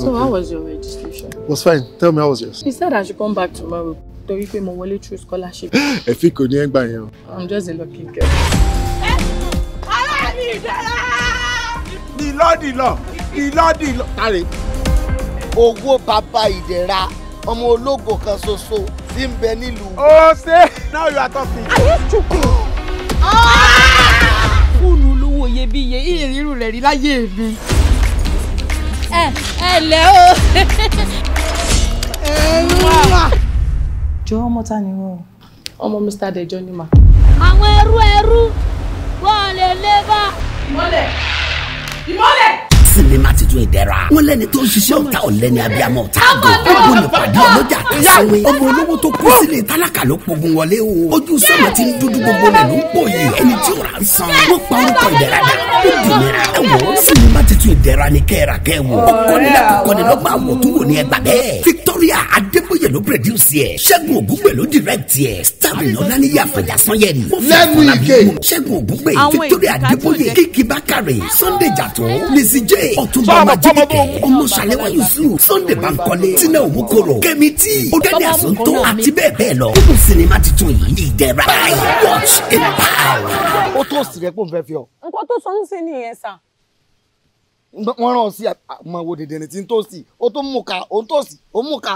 So okay. how was your registration? was fine. Tell me how was yours? He said I should come back tomorrow. to pé mo wọlé through scholarship. Ẹ fi kò ní ẹ I'm just a lucky girl. Ara mi dára! Dìlọ́ dìlọ́, dìlọ́ dìlọ́. Tari. Owó bàbá ìdẹ̀ra ọmọ ológo kan ṣoṣo tí ń bẹ nílùú. now you are talking. Are you stupid? Ah! Fóònù olówó iyebíye ìrírù rẹ̀ rí láyé mi. ẹ ooo. lẹ o. jọ ọmọ ni wọn. ọmọ mr dejo ni ma. àwọn ẹrú ẹrú wọn lè lé bá. ìmọ̀lẹ̀ ìmọ̀lẹ̀. sinimá ti tún ìdẹ́ra. wọ́n lẹ́ni tó ń ṣiṣẹ́ ọ̀tá ọ̀lẹ́ni abiyamọ ọ̀tá àgọ́. ó ní pàdé ọlọ́jà àtàsáwé. ọmọ olówó tó kú sílé tálákà ló pogun wọlé o. ojú sọ́mọ ti ń dúdú gbogbo rẹ̀ ló ń pò yìí. ẹni tí ò rà ń san. wọ́n pa orúkọ ìdẹ́ra dà. ó dìnnìra. ẹ wọ sinimá ti tún ìdẹ́ra ni kẹ́ra kẹ́ wò. ó sunday ọ̀túnba majidike ọmọṣàlẹwà yusuf sunday bankole tina omukoro kẹmi tí ọdẹni àsọtò àti bẹ́ẹ̀ bẹ́ẹ̀ lọ kúkú sinimá titun yìí ìdẹ̀ra i watch a power. ó tó sì rẹ kó n fẹ́ fi ọ. nǹkan tó sọ ń sìn nìyẹn sà. wọ́n rán ọ sí àmọ́wò dèdè ní tí ń tó sí ó tó mú ka ó tó sí ó mú ka.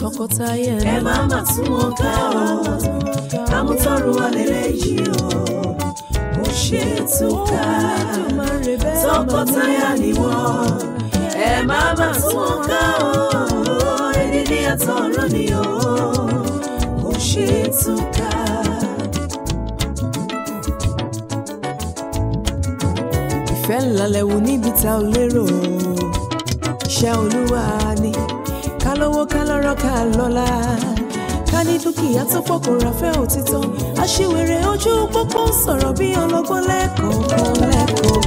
tọkọtaya ẹ má má tún wọn ká o amútọrùn wà lẹlẹ yìí o ó ṣe tó ká tọkọtaya ni wọ́n ẹ má má tún wọn ká o ẹni ní àtọ̀run ni o ó ṣe tó ká. ìfẹ́ ńlá lẹ́wù níbi tá a lérò iṣẹ́ olúwa ni lówó ká lọ́rọ̀ ká lọ́lá ká ní dúkìá tó pọ̀ kó ra fẹ́ òtítọ́ aṣiwèrè ojú pópó sọ̀rọ̀ bí ọlọ́gbọ́n lẹ́kọ̀ọ̀kan lẹ́kọ̀ọ̀kan.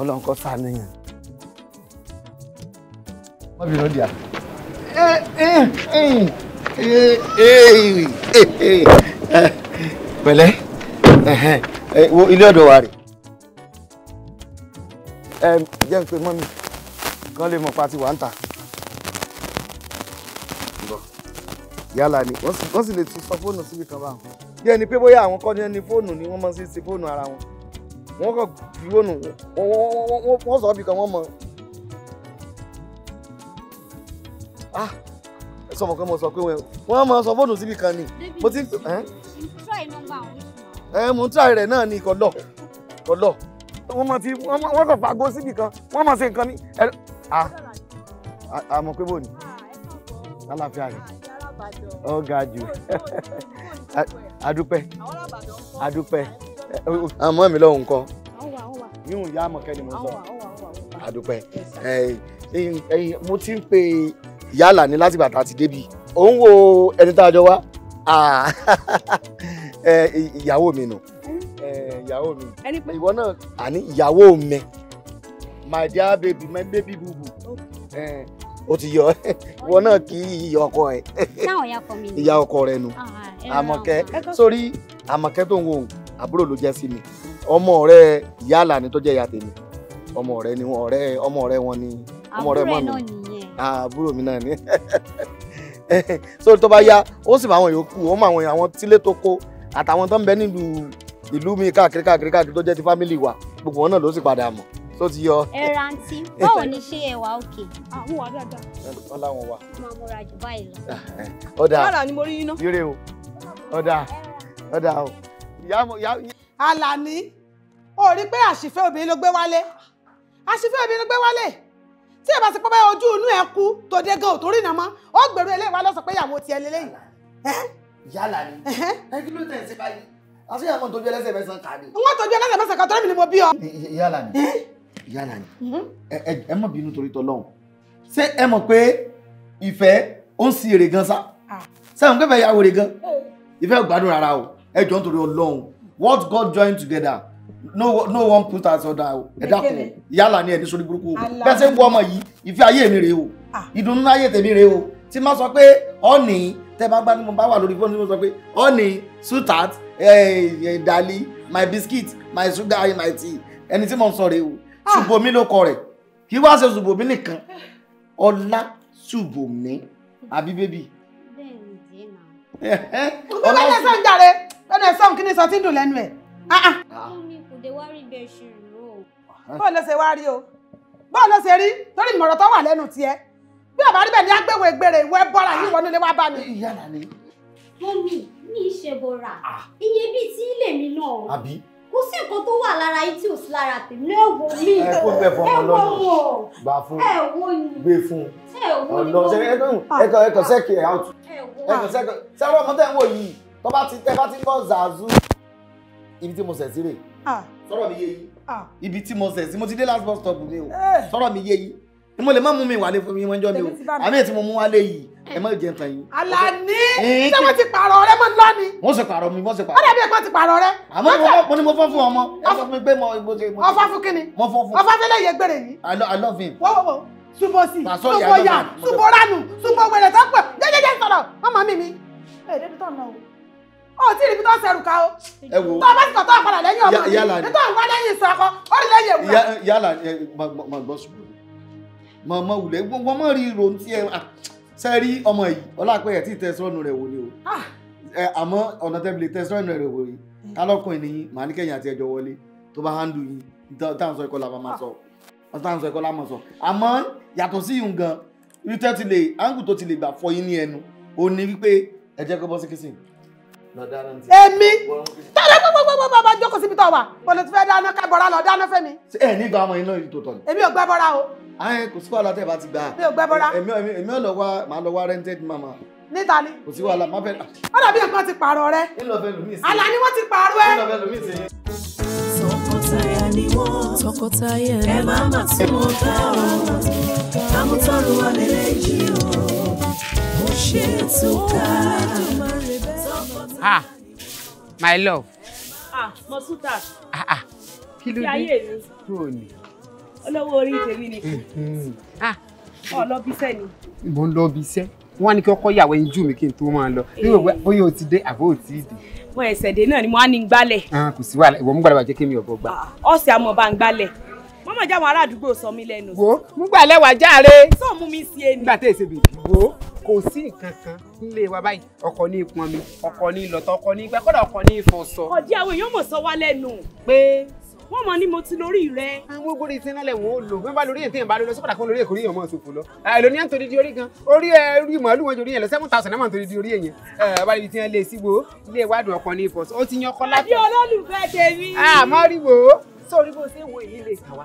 ọlọ́run kọ́ sáà nìyẹn you know dear. pẹ̀lẹ́ eh, wo ilé ọ̀dọ̀ wa rè eh, jẹ́ n pe mọ́mì kán lè mọ pati wà ń tà yálà ni wọ́n sì lè tún sọ fóònù síbi kan báwọn bí ẹni pé bóyá àwọn kọ́ni ẹni fóònù ni wọ́n mọ̀ sí sí fóònù ara wọn wọ́n kàn fi fóònù wọ́n sọ ọ́ bí kan wọ́n mọ̀ ah sọ mọ̀ pé mo sọ pé wọ́n máa sọ fóònù síbi kan ni mo ti ń pè ẹ́. ẹ mo ń try rẹ̀ náà ni kò lọ kò lọ. wọ́n máa ti wọ́n kàn fagó síbi kan wọ́n máa ṣe nǹkan ní. àmọ́ ah, pé bò ní ah, àlàáfíà rẹ̀ ah, ó ga jù adúpẹ́ adúpẹ́ àmọ́ mi lọ́hùn kan yíyún ìyá àmọ̀kẹ́ ni mo sọ adúpẹ́ mo ti ń pe yálà ní láti bàtà ti débi ò ń wo ẹni tá a jọ wá ìyàwó mi nù ìyàwó mi ìwọ náà àní ìyàwó mi my dear baby my baby bubu o ti yọ ìwọ náà kì í yọ ọkọ ẹ ìyá ọkọ rẹ nù ah, àmọ̀kẹ́ sórí àmọ̀kẹ́ tó ń wo àbúrò ló jẹ́ sí mi ọmọ ọ̀rẹ́ ìyá àlàní tó jẹ́ ìyá tèmi ọmọ ọ̀rẹ́ ni ọ̀rẹ́ ọmọ ọ̀rẹ́ wọn ni ọmọ ọ̀rẹ́ mọ mi àbúrò mi náà ni so tó bá yá ó sì máa wọn yòókù ó máa wọn àwọn tílé tó kó àtàwọn tó ń bẹ nílùú ìlú mi káàkiri káàkiri káàkiri tó jẹ́ ti fámìlì wa gbogbo wọn náà ló sì padà mọ̀ tó ti yọ. ẹ rántí báwo ni ṣé ẹ wà òkè. àwọn wà dáadáa. wọn láwọn wà. máa múra jù báyìí lọ. ọ̀dà ọ̀dà ni mo rí yín náà. ire o ọ̀dà ọ̀dà o. Àlàní o rí pé àṣìfẹ́ obìnrin ló gbé wálé àṣìfẹ́ obìnrin ló gbé wálé tí ẹ bá sọ pé báyọ̀ ojú inú ẹ kú tó dé gan òtó rìnnà mọ́ ó gbèrú eléyìí lọ́sọ̀ pé ìyàwó tiẹ̀ lélẹ́yìn. yálà ni ẹ ló tẹ̀ báyìí àti àwọn tó ẹlẹ́sẹ̀ mẹ́sàn-án kà wọ́n tó ẹlẹ́sẹ̀ mẹ́sàn-án kà tọ́lá ni mo bí ọ. yálà ni yálà ni ẹ mọ̀ bínú torí tọ́lọ́hún ṣé ẹ mọ̀ pé ìfẹ́ ó ń si èrè gan sá sẹ́wọ̀n pẹ́fẹ́ yà wèrè ìfẹ́ gbádùn no no one put us on that Yala dákun yálà ni ẹni sórí burúkú bẹ́ẹ̀ ṣe ń wọ ọmọ yìí ìfẹ́ ayé mi rèé o ah. ìdùnnú ayé tèmi rèé o tí má sọ pé ọ̀nì tẹ́ bá gbá ní mo bá wà lórí fóònù tí mo sọ pé ọ̀nì sutat eh, eh, dali my biscuit my sugar my tea ẹni tí mo ń sọ rèé o ah. ṣùgbọ́n mi ló kọ rẹ̀ kí wá ṣe ṣùgbọ́n mi nìkan ọlá ṣùgbọ́n mi àbí bébì. ọlá ṣùgbọ́n mi lẹ́sẹ̀ ń jàre lọ́nà ẹ̀sán kí ni sọ ti dùn lẹ́nu ẹ̀. Ah, òde wá rí bẹ́ẹ̀ ṣe rò ó. bọ́ọ̀ ló ṣe wá rí o bọ́ọ̀ ló ṣe rí torí ìmọ̀ràn tó wà lẹ́nu tiẹ̀ bí ọ̀bá rí bẹ́ẹ̀ ni agbéwò ègbèrè ìwọ ẹbọra yìí wọnú ilé wá bá mi. ìyá nà ni. mọ́mí ní ìṣẹ̀bọ̀rà iye bíi tí ilé mi náà. àbí. kò sí nǹkan tó wà lára yìí tí ò sí lára tèmi náà wo. mí. ẹ kó bẹ fún ọmọ lọ́dún gbà fún gbé fún ọlọ́sẹ̀ ẹ wo. ẹ kàn sẹ́kì ẹ̀ out ẹ kàn sẹ́kì sẹ́kì ọmọ tẹ̀ wo. wò yìí tó bá ti tẹ́ bá ti kọ́ zazu ibi tí mo sẹ̀ sí rèé Ah. sọ̀rọ̀ mi yé yìí ah. ibi tí mo sẹ̀ sí mo ti dé last bus stop mi o eh. sọ̀rọ̀ mi yé yìí ni mo lè má mú mi wálé fún mi mọ́ ọjọ́ mi o àmì ètí mo mú wálé yìí ẹ má jẹ nǹkan yìí. Àlàní eh, ṣé wọ́n ti pààrọ̀ rẹ mọ́ lọ ni. wọ́n sì pààrọ̀ mi wọ́n sì pààrọ̀. ó dàbí ẹ̀gbọ́n ti pààrọ̀ rẹ. àmọ́ mo ní mo fọ́ fún ọmọ ẹ sọ fún mi pé mo. ọfọ fún kí ni ọfọ fún eléyìí gbèrè yìí. I love him. wọ́wọ́wọ́ subosi ah, suboya suboranu subowere tó pẹ̀ jẹ́jẹ́jẹ́ sọ̀rọ̀ ọmọ mi mi. ẹ̀ẹ́dẹ́gbẹ̀tàn náà o ó ti o. ẹ wo o bá ti tọ̀tọ̀ àpàdà lẹ́yìn ọmọ mi nítorí wọn lẹ́yìn ìsakọ ó rí lẹ́yìn èwúrọ̀. yálà ẹ mà gbọ́ sùgbọ́n mà mà wulẹ̀ wọ́n mọ̀ rí ro ti ẹ sẹ́ ah, rí ọmọ yìí ọlápẹ́ ẹ̀ tí tẹ̀sán rẹ̀ wò ni o ah. àmọ́ ọ̀nà tẹ́bìlì tẹ̀sán rẹ̀ wò yìí kálọ́kùnrin mm. nìyí màá ní kẹ́yìn àti ẹjọ́ wọlé tó bá handle yìí táwọn sọ ìkọlà máa sọ ah. táwọn sọ ìkọlà máa sọ àmọ́ yàtọ̀ sí yìí gan irú tẹ́ ti lè áńgù tó ti lè gbà fọ yín ní ẹnu òun ni wípé ẹ jẹ́ bọ́ sí kìsìn èmi tọ́lá gbogbogbò bá jókòó síbi tó wà bọ́lá fẹ́ dáná kábọ́ra lọ dáná fẹ́mi. ẹ ní gba ọmọ iná yìí tó tọ̀ èmi ò gbẹ́ bọ́ra o. ayé kò sí wàhálà tẹ́ bá ti gbà. èmi ò gbẹ́ bọ́ra. èmi ò lọ wá màá lọ rented mama. níta ni. kò sí wàhálà má fẹ́. ó dàbí nǹkan ti pààrọ̀ rẹ. àlà ni wọ́n ti pààrọ̀ ẹ. ni wọ́n tọkọtaya ẹ má má tún wọn ká ah my love. ah masuta. ah ah kí ló dé kí ayé mi. ni mm-hmm. ah ọ lọ bí iṣẹ́ ni. mo ń lọ bí iṣẹ́ wọn ní kí ọkọ yàwó ẹyin jù mí kí n tó máa lọ nínú eh. ti dé àbó ti dé. wọn ẹsẹ̀ dé náà ni mo á ní gbálẹ̀. Ah, kò sí wàhálà ìwọ mú gbàdúrà jẹ́ kí mi ọ̀bọ gbà. Ah, ọ̀sẹ̀ àmọ̀ bá ń gbálẹ̀ má jáwọn ará àdúgbò sọ mí lẹ́nu. wo múgbà lẹ́wà járe. sọ mú mi sí ẹni. nígbà tí èsè bèbí wo kò sí nǹkan kan nílé wa báyìí ọkọ ní ìpọn mi ọkọ ní ìlọtọ ọkọ ní ìgbẹ kódà ọkọ ní ìfọsọ. ọdí àwọn èèyàn mọ̀ sọ wá lẹ́nu. pé wọ́n mọ̀ ní mo ti lórí rẹ. àwọn ogórí ti nálẹ̀ wọ́n ó lò bí wọ́n bá lórí ètò bá lọ sọ́kàtà kan lórí èkó rí ìyọ̀mọ̀ ṣòfò lọ. èlò à ń torí di orí gan orí ẹrú màálù wọn jorí yẹn lọ seven thousand náà mà torí di orí yẹn. bá ibi tí wọ́n lé sígbó ilé ìwádùn ọkọ ní ìfọ̀sọ́ ó ti yan ọkọ látọ̀. àbí olólùfẹ́ tèmi. àmọ́ rí wo sórí bó ṣe wo èyí lè kà wá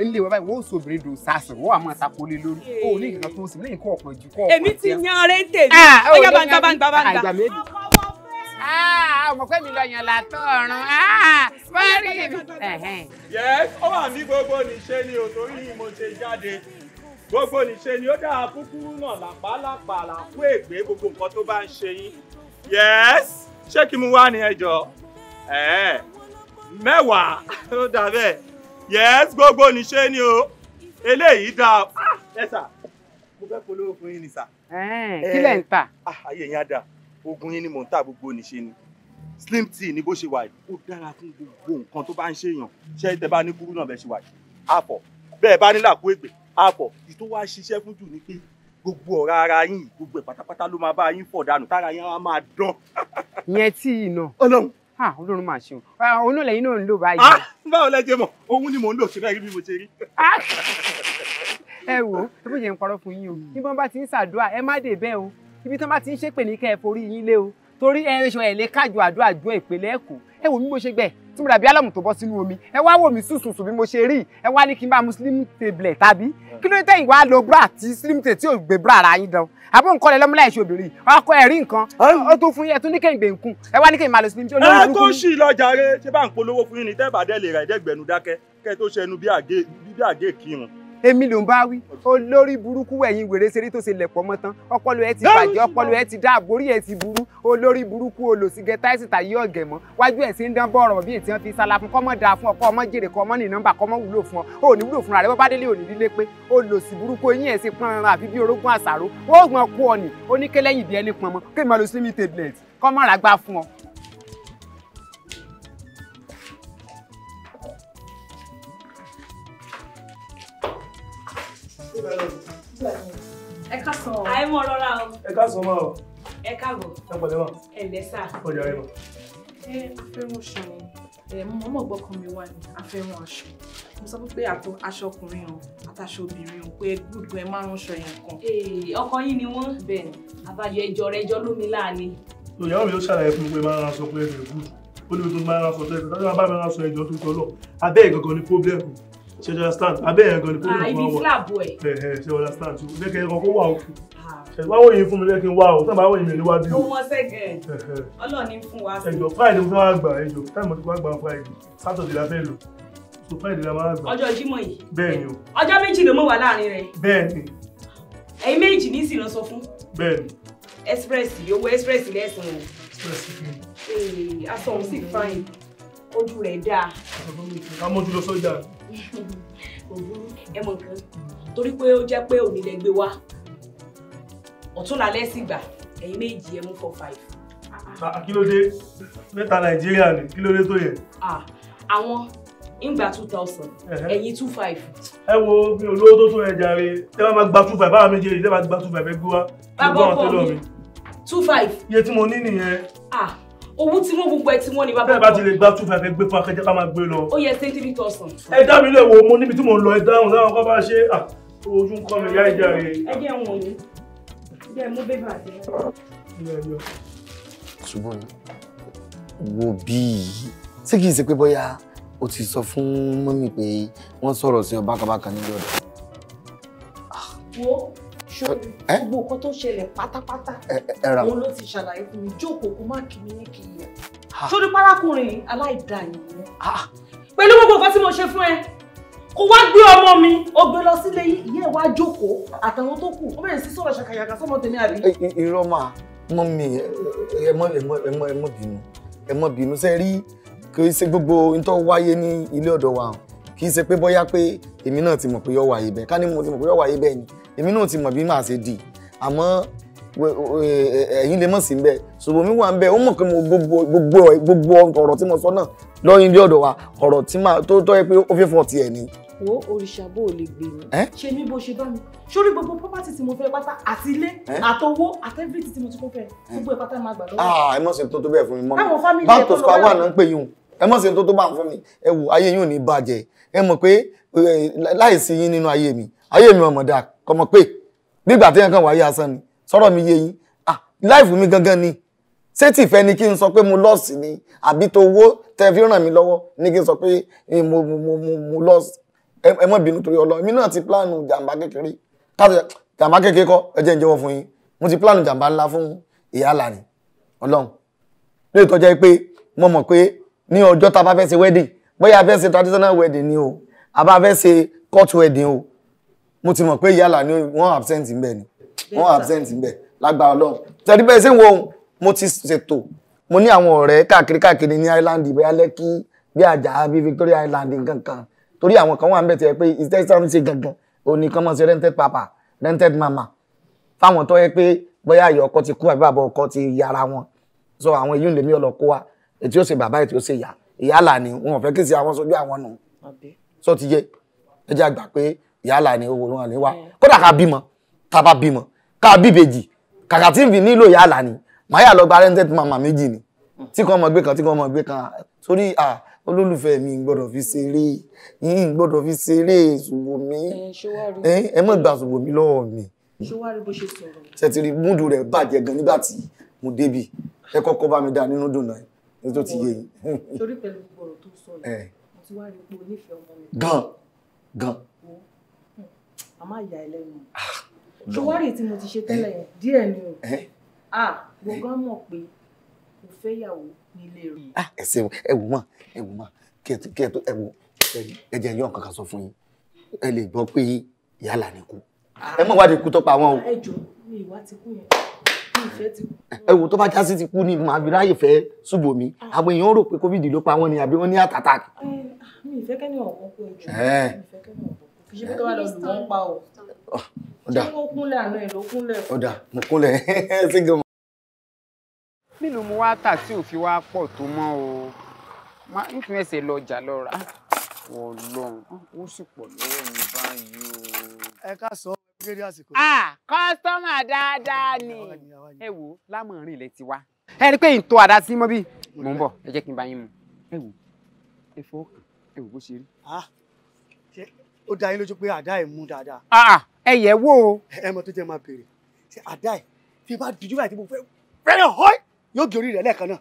ilé wa báyìí wọ́n ò sóbìrì dùn sàṣì wọ́n àmọ́ àtàkùnlé lórí o ní nǹkan tó ń sìn lẹ́yìn kó ọ̀pọ̀ ju kó ọ̀pọ̀ tiẹ̀. èmi ti yan ọrẹ ń tèmi ah, ó yá bàǹgà bàǹgà bàǹgà. ọmọ ah, pẹ́ mi lọ yàn látọ̀ ọ̀run ah, wọ́n rí mi. yẹ́s ó wà ní gbogbo níṣe ni o torí mo ṣe jáde gbogbo níṣe ni ó dáa kúkúrú náà làpálàpà làkú ègbé gbogbo nǹkan tó bá ń ṣe yín yẹ́s ṣé kí mo wá ní ẹjọ́ mẹ́wàá ló dà bẹ́ẹ̀ yes gbogbo níṣe ni o eléyìí dáa ah, ẹ sà mo fẹ́ polówó fún yín ni sà. kí lẹ̀ ń tà. Ah, ayé yẹn á dáa oògùn yín ni mò ń tà gbogbo níṣe ni slim tea ni bó ṣe wà yìí ó dára fún gbogbo nǹkan tó bá ń ṣèyàn ṣé tẹ bá ní kúrú náà bẹ ṣe wà yìí àpọ̀ bẹ́ẹ̀ bá ní làkú ègbè àpọ̀ èyí tó wá ṣiṣẹ́ fún jù ni pé gbogbo ọ̀rá ara yín gbogbo ẹ̀ pátápátá ló máa bá yín fọ̀ dànù tára yín á máa dán. yẹn tí ì nà. ọlọ́run olórun máa ṣe o ah, òun náà lẹ́yìn náà ń lò báyìí. Ah, báwo lẹ jẹ mọ òun ni mò ń lò ṣe báyìí bí mo ṣe rí. Ah! ẹ wo tó bó ṣe ń parọ́ fún yín o bí wọ́n bá ti ń ṣàdúrà ẹ má dé bẹ́ẹ̀ o ibi tí wọ́n bá ti ń ṣépè ní kẹ́ ẹ forí yín lé o torí ẹ ṣe ẹ̀ lè kájọ àdúrà ju ìpínlẹ̀ Èkó ẹ wò mí mo ṣe gbẹ̀ tí mo dàbí álọ̀mù tó bọ́ sínú omi ẹ wá wò mí sùsùsù bí mo ṣe rí ẹ wá ní kí n bá mu slim tàbí kí ló tẹ̀yìn wá lo bra ti slim table tí ò gbé bra ara yín dán àbó nǹkan lẹ lọ́mọlá ẹ̀ṣẹ̀ obìnrin ọkọ ẹ̀rí nǹkan ó tó fún yín ẹ ní kéyìn gbé nkún ẹ wá ní kéyìn máa lo slim table. ẹ kó sì lọ jàre ṣé bá ń polówó fún yín ni tẹ́ bàdẹ́ lè ra ẹ̀dẹ́gbẹ̀nu dákẹ́ kẹ́ tó ṣẹnu bí àgé kírun èmi ló ń bá wí olórí burúkú ẹ̀yin wèrè ṣeré tó ṣe lẹ̀pọ̀ mọ́ tán ọpọlọ ẹ ti bàjẹ́ ọpọlọ ẹ ti dá àbórí ẹ ti burú olórí burúkú olòsígẹ táìsì tàyé ọ̀gẹ̀ mọ́ wájú ẹ̀ sí ń dán bọ́ọ̀rọ̀ bí ètí wọn fi sálá fún kọ́mọ́ dáa fún ọkọ ọmọ jèrè kọ́ ọmọ ní nọ́mbà kọ́mọ́ wúlò fún ọ ò ní wúlò fúnra rẹ bọ́ bá délé ò ní lílé pé olòsì burúkú eyín ẹ̀ sí pọnran àfi bí orógún àṣàrò ó gbọ́n kú ọ ní oníkẹ́lẹ́yìn bí ẹni pọnmọ́ kí n máa lo simi tablet kọ́mọ́ ràgbá fún ọ ẹ káàsán o. àìmọ̀ rọra o. ẹ káàsán máa o. ẹ káàbọ̀. ẹ pọ̀lẹ́ mọ̀. ẹ lẹ́sà. ọjà rẹ mọ̀. ẹ afẹ́ràn ṣan ẹ mo mọ̀ gbọ́kàn mi wá ní afẹ́ràn aṣọ mo sọ pé aṣọ ọkùnrin o àtàṣọ obìnrin o pé gbogbo ẹ máa ń ránṣọ yẹn kan. ọkọ yín ni wọ́n. bẹ́ẹ̀ ni àbájọ ẹjọ́ rẹ ẹjọ́ lómi láàánú. ìyàwó mi ló ṣàlàyé fún mi pé máa ń ránṣọ pé ẹ bẹ̀rẹ̀ gùn ó ní bí tó máa ń ránṣọ tó tó máa bá mi ránṣọ ẹjọ́ tó tọ́lọ̀ abẹ́ ìgangan ni pọ́blẹ́mù ṣe ṣe understand abẹ́ ẹ̀ gan-an ni problem wa ah, wà. ibi slab boy. ẹ ẹ ṣe understand ṣe lẹ́kẹ̀ ẹ̀kọ́ kó wà o. ṣe máa wòye fún mi lẹ́kẹ̀ wá o náà máa wòye mi ní wájú. mo mọ sẹ́gẹ̀ ọlọ́ọ̀ni fún wa. ẹjọ friday mo fẹ́ wá gbà ẹjọ táì mo ti wá gbà friday saturday la fẹ́ lò so friday la máa gbà. ọjọ́ jímọ̀ yìí. bẹ́ẹ̀ni o. ọjọ́ méjì ló mọ̀ wá láàrin rẹ̀. bẹ́ẹ̀ni. ẹ̀yin méjì ní ìsìn lọ́sọ fún. bẹ́ẹ̀ni. express yòówó express lẹ́sìn o. express kì í. aṣọ òun sì fine ojú rẹ̀ dáa. ká mójú lọ sọ́jà. òbúrú ẹ mọ nǹkan torí pé ó jẹ́ pé òní lẹ gbé wá ọ̀tún lálẹ́ sì gbà ẹ̀yin méjì ẹ mú four five. kí ló dé mẹ́ta nàìjíríà ni kí ló dé tó yẹ. àwọn ìgbà two thousand ẹ̀yin two five. ẹ wo mi ò lówó tó tó ẹ jàre tẹ́ bá máa gba two five báwa méjèèjì tẹ́ bá gba two five ẹ gbé wá. bábọ̀ bọ̀ mi two five. iye tí mo ní nìyẹn. ah owó tí wọ́n gbogbo ẹ̀ tí wọ́n ní bàbá. bẹ́ẹ̀ bá ti lè gba two five gbé fún akẹ́jẹ́ ká máa gbé lọ. ó yẹ twenty thousand. ẹ dá mi lè wo mo níbi tí mo ń lọ ẹ dáhùn láwọn kọ́ bá ṣe ojú ń kọ́ mi yá ìjà rẹ̀. ẹ jẹ́ wọn yìí jẹ́ mú bébà àti ẹ̀. ṣùgbọ́n wo bíi ṣé kìí ṣe pé bóyá o ti sọ fún mọ́mí pé wọ́n sọ̀rọ̀ sí ọ bákabákan nílò rẹ̀. wo gbogbo nǹkan tó ṣẹlẹ̀ pátápátá òun ló ti ṣàlàyé fún mi jókòó kó má kí mi ní kí n yà sórí párákùnrin aláìda yìí pẹ̀lú gbogbo nǹkan tí mo ṣe fún ẹ kó wá gbé ọmọ mi ó gbé lọ sílé ìyá ẹ wá jókòó àtàwọn tó kù ó bẹ̀rẹ̀ sí sọ̀rọ̀ ṣàkàyàkà sọ́mọ tèmi àbí. irọ́ máa mọ́ mi ẹ mọ́ bínú ẹ mọ́ bínú ṣe rí kì í ṣe gbogbo nítorí wáyé ní ilé ọ̀dọ̀ wa kì í ṣe pé bóyá pé èmi náà ti mọ̀ pé yọ wáyé bẹ́ẹ̀ ká ní mo ti mọ̀ pé yọ wáyé bẹ́ẹ̀ ni èmi náà ti mọ̀ bí màá ṣe di àmọ́ e, e, ẹ̀yin lè mọ̀ sí bẹ́ẹ̀ ṣùgbọ́n mi wà ń bẹ́ ó mọ̀ pé mo gbogbo ọ̀rọ̀ tí mo sọ náà lọ́yìn dé ọ̀dọ̀ wa ọ̀rọ̀ tí máa tó tọ́ ẹ pé ó fẹ́ fọ́ tiẹ̀ ni. wo òrìṣà bó o lè gbè mí ṣe mi bó ṣe bá mi sórí gbogbo property tí mo fẹ́ pátá àti ilé àtowó àti everything tí mo ti kó fẹ́ gbogbo ẹ̀ pátá máa gbà lọ́wọ́. Ah, ẹ mọ̀ sí tó tó bẹ́ẹ̀ fún mi mọ́ mi bá tó spa wà náà ń pè yín ẹ mọ̀ sí tó tó bá fún mi ẹ wò ayé yín ò ní bàjẹ́ ẹ mọ̀ pé láìsí yín nínú ayé mi ayé mi ọmọ dáa kọmọ pé nígbà tí nǹkan wáyé asán ni sọ̀rọ̀ mi yé yín ah láìfù mi gangan ni ṣé tìfẹ́ ni kí n sọ pé mo lọ́ọ̀sì ni àbí tó owó tẹ́ fi ràn mí lọ́wọ́ ni kí n sọ pé eh, mo mo mo mo lọ́ọ̀sì ẹ mọ́ ìbínú torí ọlọ́ èmi náà ti pláànù jàǹbá kékeré káàtó jàǹbá kékeré kọ́ ẹ jẹ́ ń jẹ́wọ́ fún yín mo ti pláànù jàǹbá ńlá fún ìyá làní ọlọ́run lóye tó jẹ́ pé mo mọ̀ pé ní ọjọ́ tá a bá fẹ́ ṣe wedding bóyá a fẹ́ ṣe traditional wedding ni o a bá fẹ́ ṣe court wedding o mo ti mọ̀ pé yálà ni wọ́n absent ń bẹ̀ ni wọ́n absent ń bẹ̀ lágbára ọlọ́run tẹ̀lé bẹ́ẹ̀ sí wo mo ti ṣètò mo ní àwọn ọ̀rẹ́ káàkiri káàkiri ní Island ìbẹ̀ alẹ́kí bí àjà bí Victoria Island nǹkan kan torí àwọn kan wà ń bẹ̀ tẹ̀ pé ìtẹ́ sáwọn ṣe gangan òní kan mọ̀ sí rented papa rented mama fáwọn tó yẹ pé bóyá ayọ̀ ọkọ ti kú àbí bàbá ọkọ ti yára wọn sọ àwọn èyí ń lèmi ọlọ́kọ wa ètí ó ṣe bàbá ètí ó ṣe ìyá ìyá là ni wọn ò fẹ́ kí sí àwọn sojú àwọn nù sọ ti yé ẹ jẹ́ àgbà pé yálà ni owó wọn ni wa kódà ká bímọ tá bá bímọ ká bíbejì kàkà tí n fi nílò yálà ni màá yà lọ gba rented mama méjì ni tí kan mọ gbé kan tí kan mọ gbé kan torí à olólùfẹ́ mi gbọ́dọ̀ fi ṣeré yìí gbọ́dọ̀ fi ṣeré ṣùgbọ́n mi ẹ mọ̀ gbà ṣùgbọ́n mi lọ́wọ́ mi. ṣùwárí bó ṣe sọ̀rọ̀. ṣètìrì múdù rẹ̀ bàjẹ́ gan nígbà tí mo débì ẹ kọ́kọ́ bá mi dá nínú dùn náà ní tó ti yé yìí. torí pẹ̀lú ọ̀rọ̀ tó sọ yìí mo ti rí i pé o nífẹ̀ẹ́ ọmọ mi. gan gan a máa yà ẹ lẹ́nu ah, ṣùwárì tí mo ti ṣe eh, tẹ́lẹ̀ yẹn díẹ̀ ni o eh. ah gbogbo eh. mọ̀ pé mo fẹ́ yàwó nílé rẹ̀. Ah, ẹ ṣeun ẹ wò máa ẹ wò máa kí ẹ tó ẹ wò ẹ jẹ yọ nǹkan kan sọ fún yín ẹ lè gbọ́ pé yálà ni kú ah. ẹ mọ̀ wádìí kú tó pa wọn o. ẹ jọ mi ìwà ti kú yẹn ẹ tó bá jásí ti kú ni màá fi ráyè fẹ́ ṣùgbọ́n mi àwọn èèyàn rò pé covid ló pa wọn ni àbí wọn ní àtàtà. mi ìfẹ́ kẹ́ni ọ̀wọ́ kó o mi ìfẹ́ kẹ́ni ọ̀wọ́ ṣé bí tó wà lọ lù wọ́n pa o. ṣé kó kúnlẹ̀ àná ẹ̀ ló kúnlẹ̀. ọ̀dà mo kúnlẹ̀ sí gẹ̀mọ́. mélòó mo wá tà tí ò fi wá pọ̀ tó mọ́ o nítorí ẹsẹ̀ lọ jà lọ rà ọlọ́run ó sì pọ̀ lọ́wọ́ mi báyìí o. ẹ ká sọ gẹ́gẹ́ àsìkò. kọ́sítọ́mà dáadáa ni ẹ wo lámọ̀rin ilẹ̀ ti wá ẹ rí i pé n tó àdá sí mọ́ bí mò ń bọ̀ ẹ jẹ́ kí n bá yín mu ẹ wo ẹ fọwọ́ ẹ wo bó ṣe rí ó dá yín lójú pé àdá ẹ̀ mú dáadáa. Ah, ah, ẹ yẹ̀ wò ẹ mọ tó jẹ́ máa béèrè ṣe àdá ẹ̀ fi bá dùjú láti bó fẹ́rẹ̀ họ́ yóò gé orí rẹ̀ lẹ́ẹ̀kan náà.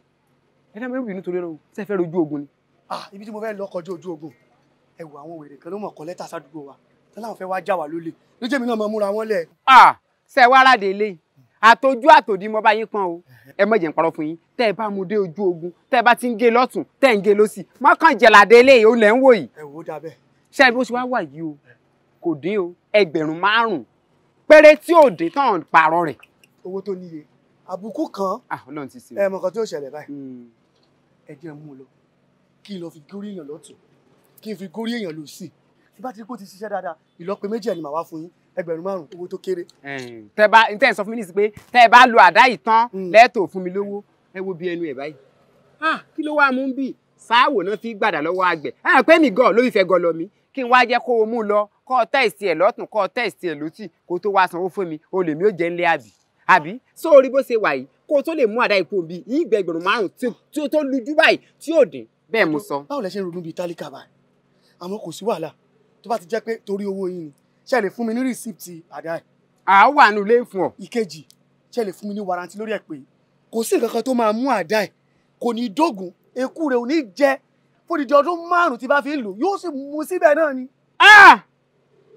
ẹ dá mẹ́rin nítorí ọ̀rọ̀ ṣe fẹ́ rojú ogun ni. Ah, ibi tí mo fẹ́ lọ kọjú ojú ogun ẹ wo àwọn wèrè kan ló mọ̀ kọ́ lẹ́tà sádùúgbò wa tán láwọn fẹ́ wá já wa lólè lójú èmi náà mọ múra wọn lẹ̀. ṣe wá aládé eléyìí àtọjú àtòdì mo bá yín pọn o ẹ mọ̀ jẹ́ ń parọ́ fún yín tẹ́ ẹ bá mu dé ojú ogun tẹ́ ẹ bá ti ń gé lọ́tún tẹ́ ẹ ń gé lọ́sì mọ́kànjẹ̀ládé eléyìí ó lẹ̀ ń wò yìí. ẹ wò ó dábẹ́ ṣé ibi ó ṣe wá wà yìí o kò dín o ẹgbẹ̀rún márùn-ún péré tí ò dín tán pààrọ̀ rẹ̀. owó tó níye àbùkù kan ah, ẹ mọ̀ kan tí ó ṣẹlẹ̀ báyìí hmm. ẹ jẹ́ mú un lọ kí n lọ fi gúrí èèyàn lọ́tún kí n fi gúrí èèyàn lọ sí tí bá ti kó ti ṣiṣẹ́ dáadáa ìlọ́pẹ méjì ẹ̀ ni màá wá fún yín ẹgbẹ̀rún márùn owó tó kéré. tẹ bá n tẹ sọ fún mi nísìsiyìí pé tẹ bá lo àdá yìí tán hmm. lẹ́tọ̀ọ́ fún mi lówó ẹ wo bí ẹnu ẹ̀ báyìí. Ah, kí ló wàá mú bí sáàwò náà fi gbàdá lọ́wọ́ àgbẹ̀ ah, pé mi gan ló fi fẹ́ gan lọ mi kí n wá jẹ́ kó o mú lọ kó o tẹ̀sí ẹ̀ lọ́tún kó o tẹ̀sí ẹ̀ lọ́tì kó o tó wá sanwó fún mi o lè mí ó jẹ́ ńlẹ́ àbí àbí sórí bó ṣe wà yìí kó o tó lè mú àdá ipò bí ìgbẹ́ ẹgbẹ̀rún márùn tí o tó lu jù báyìí tí yóò dín bẹ́ẹ̀ mo sọ. báwo lẹ ṣe ń ronú bíi tálíkà báyìí àmọ́ kò sí wàhálà tó bá ti jẹ́ pé torí owó yín ni ṣe lè fún mi ní rìsíptì àdá ẹ̀. à á wà nù lé fún ọ. ìkejì ṣe lè fún mi ní warranty lórí ẹ̀ pé kò sí nǹkan kan tó máa mú àdá ẹ̀ kò ní dógùn ekú rẹ̀ ò ní jẹ́ fódìdí ọdún márùn tí bá fi ń lò yóò sì mú síbẹ̀ náà ni. Ah!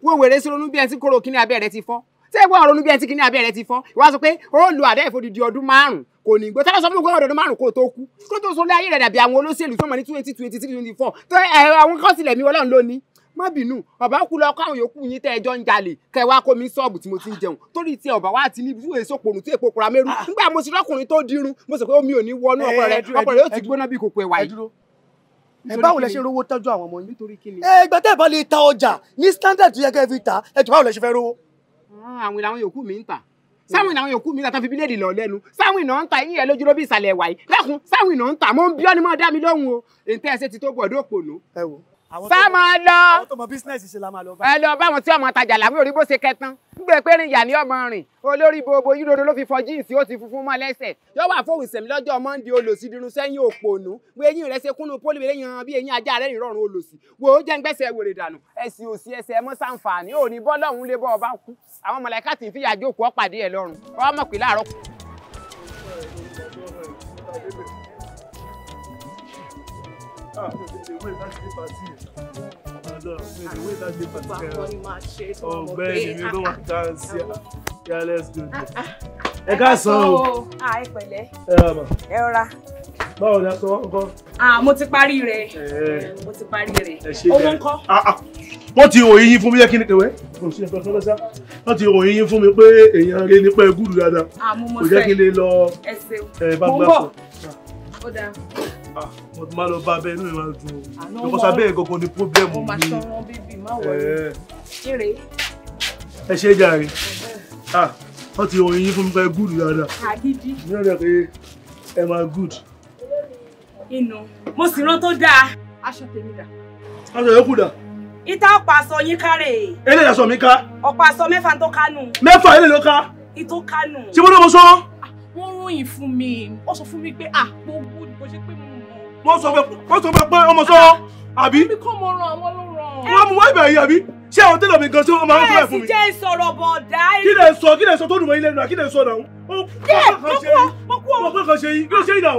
wọ́n wèrè sí ronú bí ẹni tí kóró kíní abẹ́ rẹ ti fọ́ tí ẹ gbọ́n ronú bí ẹni tí kíní abẹ́ rẹ ti fọ́ ìwà sọ pé ó lu àdá ìfòdìdí ọdún márùn kò ní gbé tẹ́lẹ̀ sọ fún mi gbọ́dọ̀ ọdún márùn kó tó kú tó tó sọlé ayé rẹ̀ dàbí àwọn olóṣèlú tó mọ̀ ní twenty twenty three twenty four tó àwọn kọ́sìlẹ̀ mi ọlọ́run lónìí má bínú ọba kú lọ káwọn yòókù yín tẹ ẹjọ ń jalè kẹwàá kó mi sọọbù tí mo ti ń jẹun torí tiẹ ọba wa ti ní ibi èso pòrùn tí èpo kura mẹrù ah! nígbà mo ti rọkùnrin tó dirun mo sọ pé omi ò ní wọnú ọpọlọ rẹ ọpọlọ rẹ yóò ti gbóná bí kòkó ẹwà yìí ẹ báwo lẹ ṣe rówó tọ́jú àwọn ọmọ yín. nítorí kí ẹ gbà bá lè ta ọjà ní standard tó yẹ kẹ́ fi ta ẹ jù báwo lẹ ṣe fẹ́ rówó. Ah, àwọn ìlànà yòókù mi ń tà sáwìn àwọn yòókù mi ta tán fi bíléèdì lọ lẹ́nu sáwìn náà ń ta eyín ẹ lójú lóbi ìsàlẹ̀ ẹ̀wà yìí sáwìn náà ń ta mo ń bí ọ́ ni mo dá mi lóhùn o ètò ẹ̀sẹ̀ ti tó bọ̀ dópò nù. ẹ wo sá máa lọ. àwọn tó mọ bísínẹ́sì ṣe la máa lọ bá. ẹ lọ báwọn tí ọmọ tajà làwọn orí bó ṣe kẹtàn gbé pé rìn yà ní ọmọ rìn olórí bobo yírodo ló fi fọ jíǹsì ó ti funfun mọ́ lẹ́sẹ̀ yóò wà fóun ìsẹ̀mí lọ́jọ́ mọ́ndé olòsì dirun sẹ́yìn òpònú wọ́n eyín rẹ̀ ṣe kúnnú pólíbẹ̀rẹ̀ yan bí eyín ajá rẹ̀ ìrọ̀rùn olòsì wò ó jẹ́ ń gbẹ́sẹ̀ wèrè dànù ẹ̀sìn òsì ẹsẹ̀ ẹmọ́ sàǹfààní ò ní bọ́ lọ́hùn lé bọ́ ọba kú àwọn mọ̀lẹ́kà tí fìyà jókòó ọ̀pàdé ẹ̀ lọ́rùn ọmọ pè láàárọ̀ kù. Ah, oh mi you don't want to dance, yeah? Yeah, let's do it. Ah, ah. Ẹ káàsán o. À ẹ pẹ̀lẹ́. Ẹ rà mà. Ẹ rà. Ah, ni pari wa ń pari À mo ti Ah ah. What ti parí rẹ̀. Eh, Owó me kọ́. Wọ́n ti ròyìn yín fún mi for kí ni kẹ̀wé? Kò sí ẹ̀fọ́ fọ́lọ́sá. Wọ́n ti ròyìn yín fún mi pé èèyàn rẹ nípa ẹgúdù dáadáa. Àmúmọ́fẹ́. Kò jẹ́ kí n lè lọ. Ẹ Ah, mo ti máa lọ bá abẹ́ inú ìwà dùn o because abẹ́ ìgangan ni pọ́blẹ́mù mi. mo máa ṣọ̀rọ̀ bíbí má wọlé ire. Eh. ẹ ṣe é jàre ah, wọ́n ti oyin fún mi pé good dáadáa. àgídí. mi ò rẹ̀ pé ẹ máa good. inú mo sì rán tó dáa aṣọ tèmi dà. aṣọ yòókù dà ìta ọ̀pá aṣọ yín kárẹ̀. eléyìí aṣọ mi ká. ọ̀pá aṣọ mẹ́fà tó kánú. mẹ́fà eléyìí ló ká. ìtò kánú. ṣé mo ní mo sọ. Ah, wọ́n ròyìn fún mi ó sọ fún mi pé àpò owó ni mo ṣe pé mo wọ́n sọ fẹ́ pé ọmọ sọ ah! àbí. àbí kò mọ ran àwọn ló ràn. wọ́n mú wá ibẹ̀ yìí àbí ṣé àwọn tẹ́lẹ̀ mi gan sí ọmọ àwọn tó bẹ̀ fún mi. bẹ́ẹ̀ sì jẹ́ ìsọ̀rọ̀ bọ̀dá. kí lè sọ kí lè sọ tó dùn mọ́ ilé nù kí lè sọ náà. díẹ̀ mọ́kú kan ṣe yín kí ló ṣe yín náà.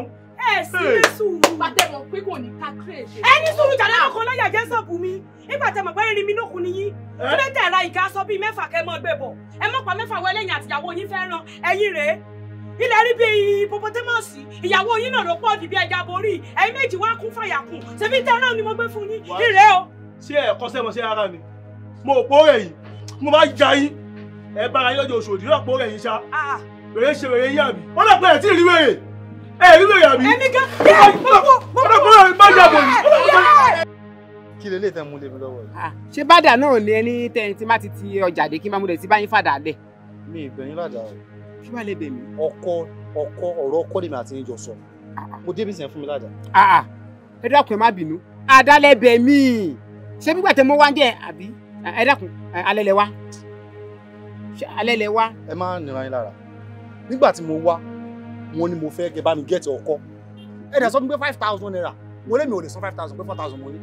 ẹ sí ní sùúrù. pàtẹ́mọ̀ pé kò ní ká kírè ṣe. ẹ ní sùúrù jàdá lọkọ lọ́yà jẹ́ sọ̀bù mi nígbà tẹ́mọ̀ pé rírin mi lókun ni yín. kílẹ̀ tẹ̀ ra ìka aṣọ bíi mẹ́fà kẹ́ mọ́ gbé bọ̀ ẹ mọ̀ pa mẹ́fà wẹ́lẹ́yìn àtìyàwó yín fẹ́ràn ẹ̀yìn rèé ilẹ̀ rí bí hipopotamus ìyàwó yín náà ló pọ̀ jù bí ẹja borí ẹ̀yin méjì wá kún fàyàkùn ṣebí tẹ́rán ni mo gbé fún yín ire o. ṣé ẹ kọ́ sẹ́mọ sí ara mi mo ò pọ́ rẹ̀ yìí mo bá ja yín ẹ bára yín lọ́jọ́ òṣòdì náà pọ́ rẹ̀ yín ṣá ah. wèrè ṣe wèrè yín àbí wọ́n dàgbà ẹ̀ tí ì rí wèrè ẹ̀ rí wèrè àbí. ẹnì kan wọ́n dàgbà ẹ̀ má jà bò yìí kí lè lè tẹ́ mú lébi lọ́wọ́ yìí. Ah, ṣé bá dà náà lé ní tẹ́yìn tí má ti ti ọjà dé kí má mú lè ti bá yín fàdà lẹ̀. mi ì bẹ̀yìn ládàá o kí wàá lè bẹ̀ mí. ọkọ ọkọ ọ̀rọ̀ ọkọ lèmi àti ìjọ sọ mo débi sẹ́yìn fún mi lájà. Ah, ah. ẹ dákun ẹ má bínú adálẹ̀ bẹ̀ mí ṣé bí gbàtẹ́ mo wá ń jẹ́ àbí ah, ẹ dákun alẹ́ lẹ wá alẹ́ lẹ wá. ẹ má nira yín lára nígbà tí mo wá wọn ni mo fẹ́ kẹ́ bá mi gẹ̀ẹ́tì ọkọ ẹ dẹ̀ sọ fún mi pé five thousand naira wọlé mi ò lè san five thousand pé four thousand mo ní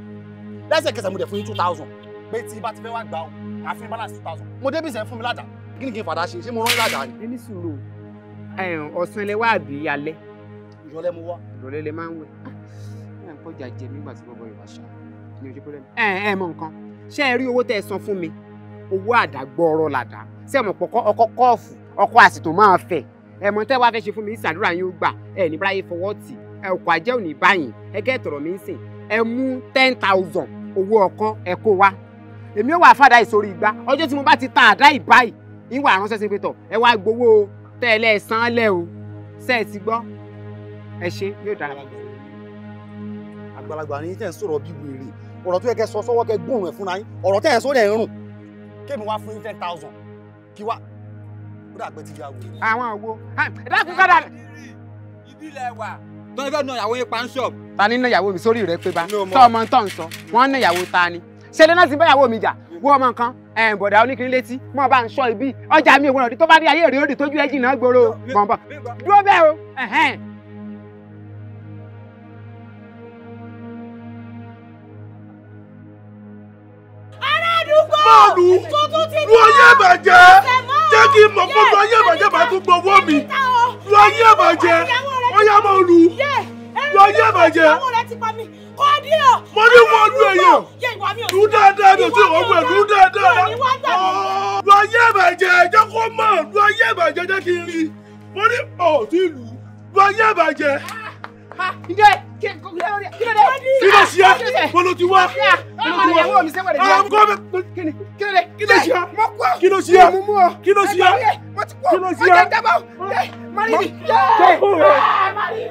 lẹ́sẹ̀kẹsẹ̀ mo dẹ̀ fún yín two thousand pé tí bá ti fẹ́ wá gbà ó àfihàn balance two thousand mo débi sẹ́yìn fún mi lájà kí ni kí n fàdá ṣe ṣé mo rán ìlàjà ni. ní sùúrù ọ̀sán ilé wà àbí alẹ́. ìrọ̀lẹ́ mo wá. ìrọ̀lẹ́ lè máa ń wẹ̀ ah, ẹ̀ ń kọjá jẹ nígbà tí bọ́bọ́ ìwà ṣá ni ojú pẹ́lẹ́mì. ẹ ẹ mọ nǹkan ṣé ẹ rí owó tẹ ẹ san fún mi owó àdágbọ́ làdá ṣé ẹ mọ̀ pọ̀ ọkọ kọ́ọ̀fù ọkọ àsìtò máa fẹ̀ ẹ mọ̀ tẹ́ wá fẹ́ ṣe fún mi ìsàdúrà yín gbà ẹ ní báyìí fọwọ́ tì ẹ kò àjẹ́ òní báyìí ẹ gẹ́ tọ̀rọ̀ mi ń sìn ẹ mú ten thousand owó ọkọ ẹ kó wá èmi ó wà fàdá ìsorí igba ọjọ́ tí mo bá ti ta àdá ìbáyìí ìwà àránṣẹ́ sí pétọ̀ ẹ wá gbowó tẹ́lẹ̀ san lẹ́ o ṣe é ti gbọ́ ẹ ṣe yóò dára lágbà. àgbàlagbà ni tẹ̀ ń sọ̀rọ̀ bí wèrè ọ̀rọ̀ tó yẹ kẹ́ sọ sọ́wọ́ kẹ́ gbóhùn ẹ̀ fúnra yín ọ̀rọ̀ tẹ̀ ń sọ dẹ̀ ń rùn kémi wá fún yín ten thousand kí wá ó dà pé ti di àwòrán. àwọn àwo dákun kádà. ibi ilẹ̀ wà tọ́ni fẹ́ na ìyàwó yín pa ń ṣọ́ọ̀bù. ta ni na ìyàwó mi sórí rẹ pé bá tọ́ ọmọ tọ́ ń sọ wọ́n na ìyàwó ta ni ṣe lẹ́nà sí bá ìyàwó mi jà wọ́n ọmọ nǹkan ẹ̀ẹ́n bọ̀dà oníkiri létí mọ́ bá ń sọ ibi ọjà mi òwúrọ̀ tó bá rí ayé rèé òdì tójú ẹ jìnnà gbòòrò bọ̀m̀bọ̀ dúró bẹ́ẹ̀ o mọ́ọ̀lù lu ayé ìbàjẹ́ jẹ́ kí n mọ̀ gbogbo ayé ìbàjẹ́ bá tún gbowó mi lu ayé ìbàjẹ́ ọ̀yá mọ́ọ̀lù lu ayé ìbàjẹ́ mo ní wọn lu èèyàn lu dáadáa ní ojú ìwọ́n lu dáadáa lu ayé ìbàjẹ́ jẹ́ kó mọ̀ lu ayé ìbàjẹ́ jẹ́ kí n rí mo ní ọ̀ọ́dún ìlú lu ayé ìbàjẹ́. Kílẹ̀ sí mo ló ti wá. Kílẹ̀ sí ah, ẹ, kílẹ̀ sí ẹ, kílẹ̀ sí ẹ, kílẹ̀ sí ẹ.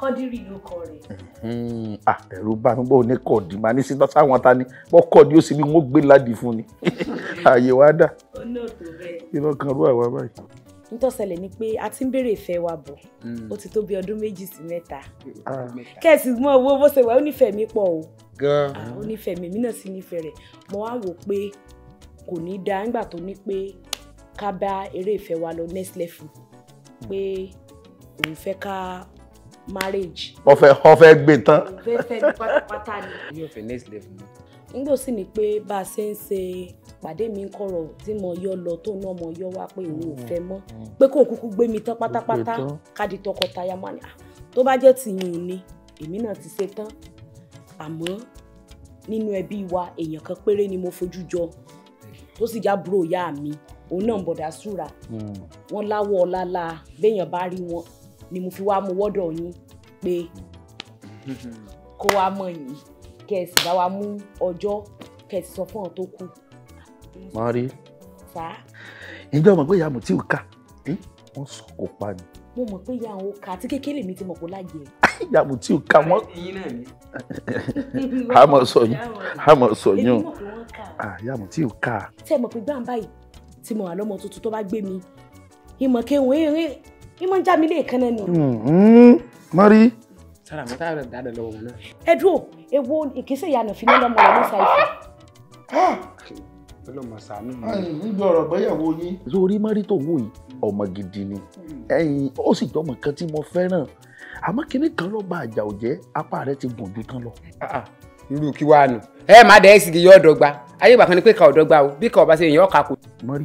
kọ́dírì ló kọ rẹ̀. ẹ̀rù bá mi bó ní kọ̀dí máa ní síta sáwọn ta ni wọ́n kọ̀dí ó sì bí wọ́n gbé ládìí fún ni ààyè wa dà. ó ní òtò bẹ́ẹ̀. irọ́ kan rú àwa báyìí nítọ́sẹ̀lẹ̀ ni pé a ti ń béèrè ìfẹ́ wa bọ̀ hmm. ó ti tó bí ọdún méjì sí mẹ́ta ah. kẹ́sì mọ owó bó ṣe wà ó nífẹ̀ẹ́ mi pọ̀ o ah, ó nífẹ̀ẹ́ mi mí náà sì nífẹ̀ẹ́ rẹ̀ mo wá wò pé kò ní da nígbà tó ní pé ká bá eré ìfẹ́ wa lọ next level hmm. pé òun fẹ́ ká marriage. wọ́n fẹ́ wọ́n fẹ́ gbé tán. wọ́n fẹ́ pátá ni. yóò fẹ́ next level. nígbà sì ni pé bá a ṣe ń ṣe pàdé mi ń kọ̀rọ̀ tí mo yọ lọ tó náà mo yọ wá pé òun ò fẹ́ mọ́ mm-hmm. pé kò kúkú gbé mi tán pátápátá káàdì tọkọtaya máa ní ah, tó bá jẹ́ tìyún ni èmi náà ti ṣe tán àmọ́ nínú ẹbí wa èèyàn kan péré ni mo fojú jọ tó sì já búrò ìyá mi òun náà ń bọ̀dá súra mm. wọn láwọ̀ ọ̀la la béèyàn bá rí wọn ni mo fi wá mú wọ́dọ̀ yín pé kó wá mọ̀ yín kẹ́ ẹ sì bá wa mú ọjọ́ kẹ́ ẹ sì sọ fún ọ tó kù. mọ rí ìjọ mọ̀ pé ìyá mi tí ò ká wọ́n sọ kò pa ni. mo mọ̀ pé ìyá òun ká àti kékeré mi ti mọ̀ kó láàyè ah, ìyá mi tí ò ká wọ́n. a mọ̀ sọ yín a mọ̀ sọ yín o ah, ìyá mi tí ò ká. tẹ́ ẹ mọ̀ pé gbàǹbá yìí tí mo wà lọ́mọ tuntun tó bá gbé mi ìmọ̀ kéwọn eré ìmọ̀ ń já mi léèkan náà ni. mọ́rí. Mm-hmm. sára mi táyà rẹ̀ dáadáa lọ́wọ́ wọn náà. ẹ dúró ewo ìkísẹ̀ ìyànà fi nílẹ̀ mọ́ ọ̀rọ̀ ṣàìsàn. ọlọ́mọ sàánú mi. níbi ọ̀rọ̀ gbẹ́yàwó yín. lórí mọ́rí tó wù yìí ọmọ gidi ni mm. ẹyin ó sì jọmọ kan tí mo fẹ́ràn àmọ́ kinní kan ló ba àjà òjẹ́ apá rẹ̀ ti gùn ju tán lọ. Ah, ah, irú kí wàá nù ẹ má dẹ́ ẹ́ sì kí yọ ọ̀dọ́gba ayé ìgbà kan ni pé ká ọ̀dọ́gba o bí ká ọba ṣe èèyàn ọ̀ka kò. mọ́rí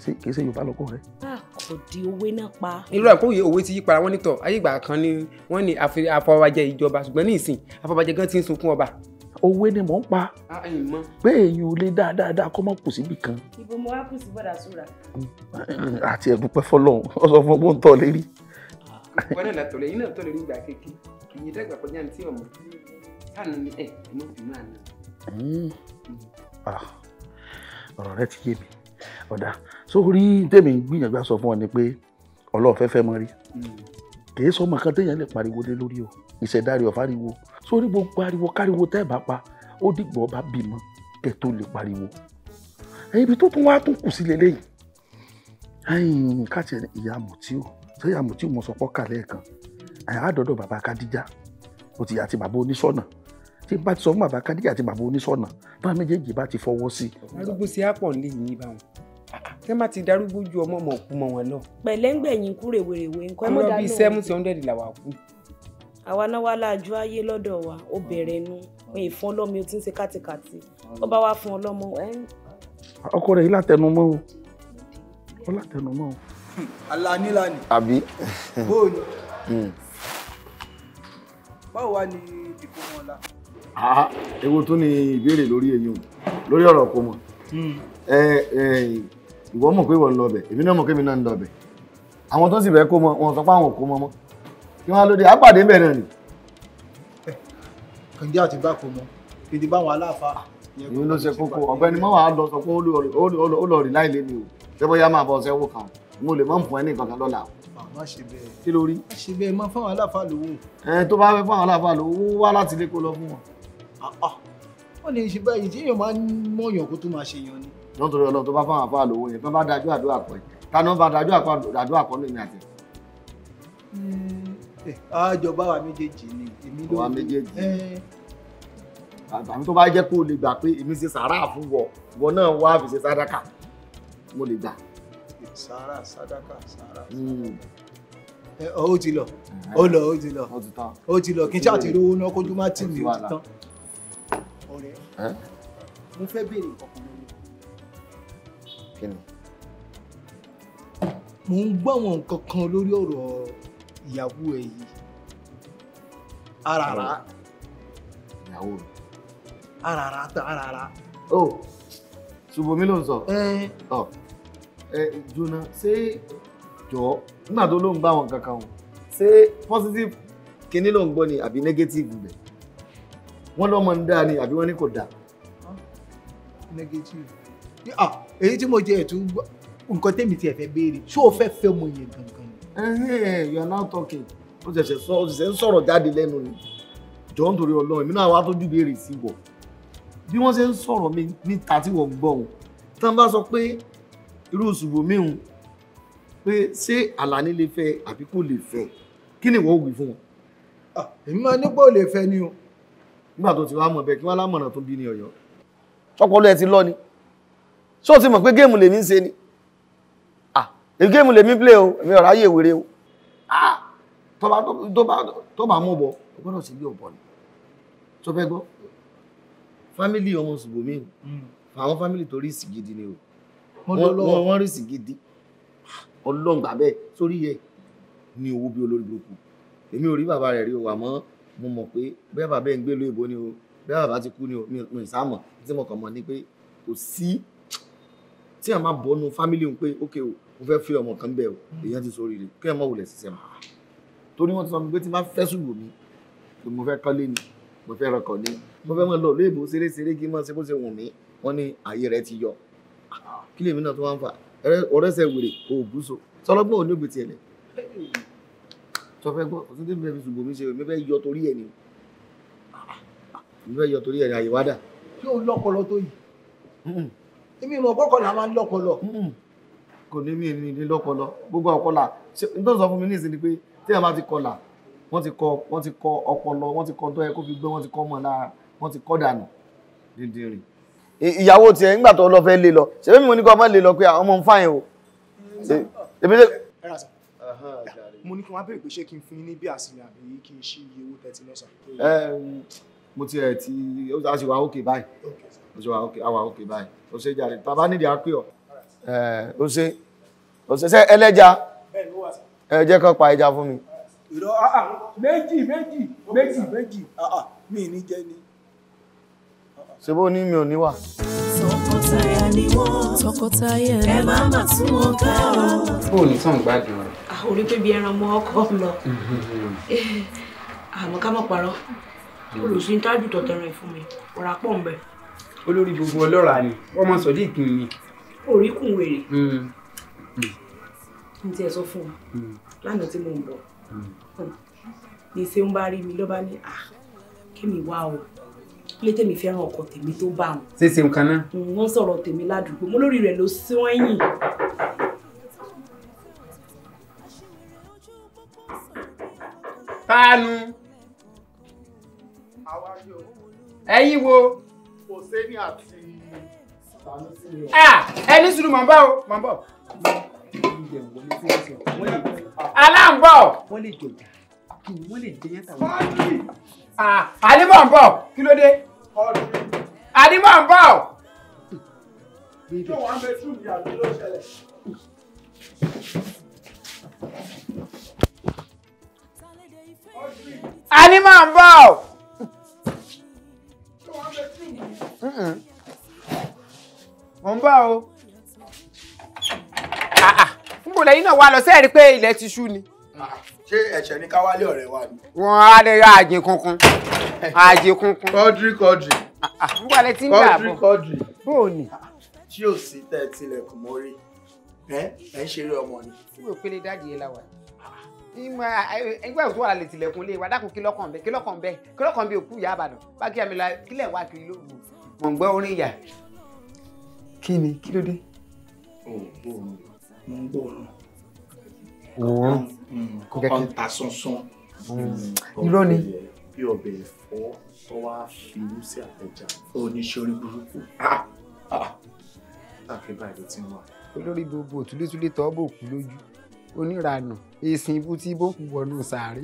kì í ṣe yorùbá lọkọ rẹ. kò di òwe náà pa. irú àpò òwe ti yí para wọn nítọ ayé ìgbà kan ni wọn ní afọwájẹ ìjọba ṣùgbọ́n ní ìsìn afọwájẹ gan ti ń sunkún ọba òwe ni mò ń pa pé èèyàn ò lè dáadáa kó má kù síbì kan. ibo mo wá kù sí bọ́dà sóra. Mm, àti ẹ̀dúpẹ́ fọlọ́run ó sọ fún ọgbọ́n tọ́ lérí. wọn náà tọ̀lé yín náà tọ̀lé ní ìgbà kéèké ìyẹn dẹ́gbà kọjá ní tí ọmọ táànù ni ẹ ẹ mọ̀ sí máa ná. Mm. Ah, ọ̀rọ̀ rẹ ti yé mi ọ̀dà sórí tèmi gbìyànjú àsọ fún ọ ni pé ọlọ́ọ̀ fẹ́ fẹ́ mọ rí kì í sọ ọmọ kan téèyàn lè pariwo lé lórí o ìṣẹ̀dáre ọ̀fáriwo sórí gbogbo ariwo káriwo tẹ́ ẹ̀ bá pa ó dìgbò ọba bímọ kẹ́ tó lè pariwo ibi tó tún wá tún kù sí lélẹ́yìn ẹ̀yìn káàtì ìyá mùtíù sẹ́yà mùtíù mo sọ pọ́ kàlẹ́ kan àádọ́dọ̀ bàbá kadija ó ti àti bàbá oníṣọ́nà tí bá ti sọ fún bàbá kadija àti bàbá oníṣọ́nà bá méjèèjì bá ti fọwọ́ sí. arúgbó sí àpọ̀ nílé yìí báwọn tẹ́ bá ti darúgbó ju ọmọ mọ̀ kú mọ́ wọn lọ. pẹ̀lẹ́ngbẹ̀yìn kú rèwerèwe nǹkan ẹ̀mọ́ dáná. ọlọ́bí seventy hundred làwà kú. àwa náà wá láàjú ayé lọ́dọ̀ wa ó bẹ̀rẹ̀ nu pé ìfún ọlọ́mi o ti ń ṣe kátikàti ó bá wá fún ọlọ́mọ. ọkọ rẹ̀ yìí látẹnumọ́ o ó látẹnumọ́ o. alanilani. àbí. bóòlù. Hmm. báwo wá ni ìkómọ ọ̀la. ewo tún ni ìbéèrè lórí èyí o lórí ọ̀rọ̀ kò mọ̀ hmm ìwọ mọ̀ pé ìwọ ń lọ ọbẹ̀ èmi náà mọ̀ pé èmi náà ń lọ ọbẹ̀ àwọn tó sì fẹ́ kó mọ wọn sọ pé àwọn kò mọ mọ́ kí wọ́n á lóde àpàdé ń bẹ̀ náà nì. kànjẹ́ àti bá kò mọ èdè báwọn aláàfáà. ìwé ló ṣe kókó ọ̀gbẹ́ni mọ́wà á lọ sọ pé ó lọ rí láìlé mi o ṣé bóyá máa bọ̀ ṣẹ́wó kan mo lè mọ̀ fún ẹ ní nǹkan o ah, má ṣe bẹ́ẹ̀. kí ló rí. má ṣe bẹ́ẹ̀ máa fáwọn aláàfáà lówó. ẹ tó bá fẹ́ fáwọn aláàfáà lówó wá láti ilé kó lọ fún wọn. wọ́n ah, ah lọ́tọ̀rọ̀ ọlọ́run tó bá fáwọn àfáà lówó yẹn tó bá dájú àdúrà pọ̀ yìí táná bá dájú àdúrà pọ̀ lómi àti. àjọba eh, wa méjèèjì ni èmi ló wà méjèèjì eh. àbí tó bá jẹ́ pé o lè gbà pé èmi ṣe sàárà fún wọ ìwọ náà wá fi ṣe sàdákà mo lè gbà. sàárà sàdákà sàárà hmm. eh, ó ti lọ ó lọ ó ti lọ ó ti lọ kí n ṣáà ti rówó náà kójú má tì mí ó ti tán ọ̀rẹ́ mo fẹ́ béèrè ọkùnrin kí ni. mo ń gbọ́ àwọn nǹkan kan lórí ọ̀rọ̀ ìyàwó ẹ yìí arara ìyàwó mi arara ta arara. o ṣùgbọ́n ló ń sọ. ẹ ẹ jona ṣé jọ nígbà tó ló ń bá àwọn kankan o ṣé positive kíní ló ń gbọ́ ni àbí negative bẹ̀ wọ́n lọ́mọ ń dá ni àbí wọ́n ní kò dá. negative. ah èyí tí mo jẹ ẹ̀tú nǹkan tèmi tiẹ̀ fẹ́ béèrè ṣó o fẹ́ fẹ́ ọmọ yẹn gangan. you are now talking ó ṣẹ̀ṣẹ̀ sọ ó ṣẹ̀ṣẹ̀ ń sọ̀rọ̀ jáde lẹ́nu ni jọ ń torí ọlọ́run èmi náà wá tójú béèrè sí wọ̀ bí wọ́n ṣe ń sọ̀rọ̀ mi níta tí wọ́n gbọ́ òun tí wọ́n bá sọ pé irú ṣùgbọ́n òun pé ṣé Àlàní lè fẹ́ àbí kò lè fẹ́ kí ni ìwọ wí fún wọn. Ah, èmi máa ní kò lè fẹ́ ni o. nígbà tó ti wá mọ̀ bẹ́ẹ̀ kí wọ́n lámọ̀ràn tó bí ní ọ̀yọ́. sọ́kọ́ ló ẹ ti lọ ni. So, ti mọ̀ pé géèmù lèmi ń ṣe ni ah géèmù lèmi play o èmi ọ̀rọ̀ ayé wèrè o ah tó bá mú bọ̀ o gbọ́dọ̀ sí bí ọ̀bọ̀ ni tó fẹ́ gbọ́ fámílì ọmọ ṣùgbọ́mí o hmm. àwọn fámílì tó rí sí gidi ni o wọ́n rí sí gidi ọlọ́run gbà bẹ́ẹ̀ sórí yẹ ni owó bí olórí burúkú èmi ò rí bàbá rẹ̀ rí o àmọ́ mo mọ̀ pé bẹ́ẹ̀ bàbá ẹ̀ ń gbé lóyìnbó ni o bẹ́ẹ̀ bàbá ti kú ni o mi ìsámọ̀ tí mo kàn mọ̀ ni pé kò sí tí ẹ̀ máa bọ́nu fámílì ń pé ókè o mo fẹ́ fi ọmọ kan bẹ́ẹ̀ o hmm. èèyàn ti sọ oríire kí ẹ̀ mọ̀ wulẹ̀ ṣiṣẹ́ mọ́ torí wọ́n ti sọ mi pé tí máa fẹ́ sùgbò mi pé mo fẹ́ kọ́lé ni mo fẹ́ rọkọ̀ ni mo fẹ́ mọ̀ lọ lóyìnbó ṣeréṣeré kí n mọ̀ ṣe bó ṣe wù mí wọ́n ní ààyè rẹ̀ ti yọ kí lèmi náà tó wá ń fà ọ̀rẹ́sẹ̀ wèrè òògùsọ sọlọ́gbọ́n ò ní ògbè tiẹ̀ lẹ̀ tọ́fẹ́ gbọ́ ọ̀sán tí mi fẹ́ fi ṣùgbọ́n mi ṣe mi fẹ́ yọ torí ẹ̀ ni mi fẹ́ yọ torí ẹ̀ ni àyè wádà. ṣé o lọ́pọlọ tó yìí èmi mọ̀ kọ́kọ́ là máa ń lọ́pọlọ. kò ní mi ní ní lọ́pọlọ gbogbo ọ̀kọlà nítorí sọ fún mi nísìnyí pé tí àwọn bá ti kọlà wọ́n ti kọ wọ́n ti kọ ọpọlọ wọ́n ti kọ tó yẹ kó fi gbé wọ́n ti kọ́ mọ̀ lára wọ́n ti kọ́ dànù dídì rè. ìyàwó tiẹ̀ nígbà tó lọ fẹ́ lé lọ ṣe mi mo ní kó lè lọ pé àwọn ah, ọmọ ń fàyàn o. mo ní kí wọ́n á bèrè pé ṣé kí n fún yín ní bí àsìlẹ̀ àbí kí n ṣí iye owó tẹ́tí lọ́sàn. mo ti ẹ̀ ti ó ti wá òkè báyìí ó ṣe Awa, òkè Bye. ó ṣe jàre tàbá nídìí á pè ọ. ó ṣe ó ṣe ṣe ẹlẹ́ja ẹ jẹ́ kó pa ẹja fún mi. Ah, ah, méjì méjì méjì méjì ah, mi ní jẹ ni. ṣé bó ní mi ò ní wà. tọkọtaya ni wọn tọkọtaya ẹ má má tún wọn ká o. fóònù tán gbádùn rẹ. àhórí pé bí ẹran mọ ọkọ lọ eh, àmọ́ ká má parọ́ mm-hmm. olùsìn tájú fún mi ọ̀rá pọ̀ ń bẹ̀ olórí gbogbo ọlọ́ra ni ọmọ sọ̀dí ìpín mi. oríkùn wèrè hmm. n tiẹ̀ sọ fún ọ hmm. lánàá tí mò ń bọ̀ hmm. ní ṣé ń bá rí mi lọ́ba ní à ah, kémi wá o ilé tèmi fẹ́ràn ọkọ tèmi tó bá wọn. ṣé ṣe nǹkan náà. wọ́n sọ̀rọ̀ tèmi ládùúgbò mo lórí rẹ̀ ló síwọ́n ẹ̀yìn. Tánu ẹ̀yin wo. Hossein àti Sanusi ni o. ẹni sùúrù mọ̀ ń bọ̀ o mọ̀ ń bọ̀. aláǹbọ̀. wọ́n lè jọjà wọ́n lè jẹ́ yẹn tàwọn. àdìbò ń bọ̀ kí ló dé. àdìbò ń bọ̀. ṣé wàá bẹ tún ìyàgbé ló ṣẹlẹ̀? Ani máa ń bọ̀! mo ń bá o. Ah, ah. níbo lẹ́yìn náà wà lọ sẹ́ẹ̀rí pé ilẹ̀ ti ṣú ni. Ah, ṣé ẹ̀ṣẹ̀ ni ká wálé ọ̀rẹ́ wa ni. wọ́n á lè ra àjìn kankan àjìn kankan. kọ́dírì kọ́dírì. níbo alẹ́ ti ń dà bọ̀ kọ́dírì kọ́dírì. bó o ní. tí ò sí tẹ́ tilẹ̀kùn mórí ẹ ẹ ń ṣeré ọmọ ni. tí mo pélé dáàdì yẹn la wà ìmọ̀ ẹgbẹ́ òtún wà lè tilẹ̀kùn lé wa dákun kí lọ́kàn bẹ kí lọ́kàn bẹ kí lọ́kàn bẹ òkú ìyá àbàdàn bá kí àmì la kílẹ̀ wá kiri ló wù mọ̀ ń gbọ́ orin ìyà. kí ni kí ló dé. mo ń gbóòórùn. òórùn kọ́kọ́ ń ta sánsan. Mm, irọ́ ni. bí ọbẹ̀ ẹ̀fọ́ tó wá fi irú sí àtẹ̀jà oníṣòrí burúkú. àfi báyìí ló ti ń wà. olórí gbogbo òtúlétúlé tọ́ bò kú lójú oníranù èsìn ibú tí bókù wọnú sàárè.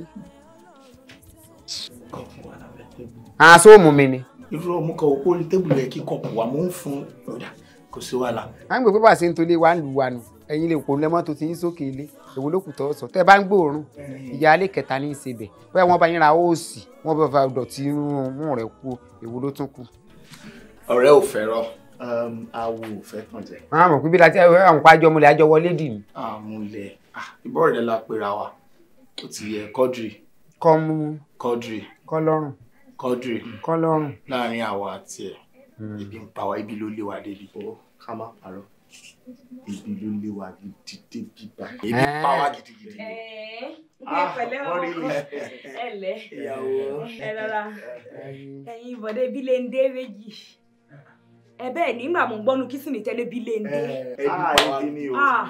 àṣọ òmù mi ni. irú ọmọ kan òpó orí tébùlù ẹ kí kọpù wa mò ń fún ọjà kò sí wàhálà. à ń gbé pépà sí nítorí wa ń lù wa nù ẹ̀yin lè kó lẹ́mọ́ tó ti ń sókè ilé èwo ló kù tọ́ sọ tẹ́ bá ń gbòòrùn ìyáálé kẹta ní í ṣe bẹ̀ bẹ́ẹ̀ wọ́n bá yín ra óòsì wọ́n bá fa dọ̀tí inú mú rẹ̀ kú èwo ló tún kù. ọ̀rẹ́ ò fẹ́ràn awo ò fẹ́ tàn jẹ. àwọn òkú bí láti àwọn pàjọ́ mọ́lẹ̀ àjọ wọlé dì ní. àmúlẹ̀ Ah, ìbọ̀rẹ̀dẹ̀ la pera wa ó ti yẹ kọ́dìrì. kọ́mú kọ́dìrì. kọ́lọ́rùn. kọ́dìrì. kọ́lọ́rùn. láàrin àwa àti ẹ̀ hmm. ibi ń pa ibi ló lé wa débi. ká ibi ló lé wa gidi débi ibi ń pa wá eh. gidigidi. Eh, ah, pẹ̀lẹ́ o ẹ̀lẹ́ ẹ̀lọ́ra eh. ẹ̀yin ìbọ̀dé bí lè ń dé méjì ẹ bẹ́ẹ̀ gbọ́nu kí sì ní tẹ́lẹ̀ bí lè ń dé. o. Ah,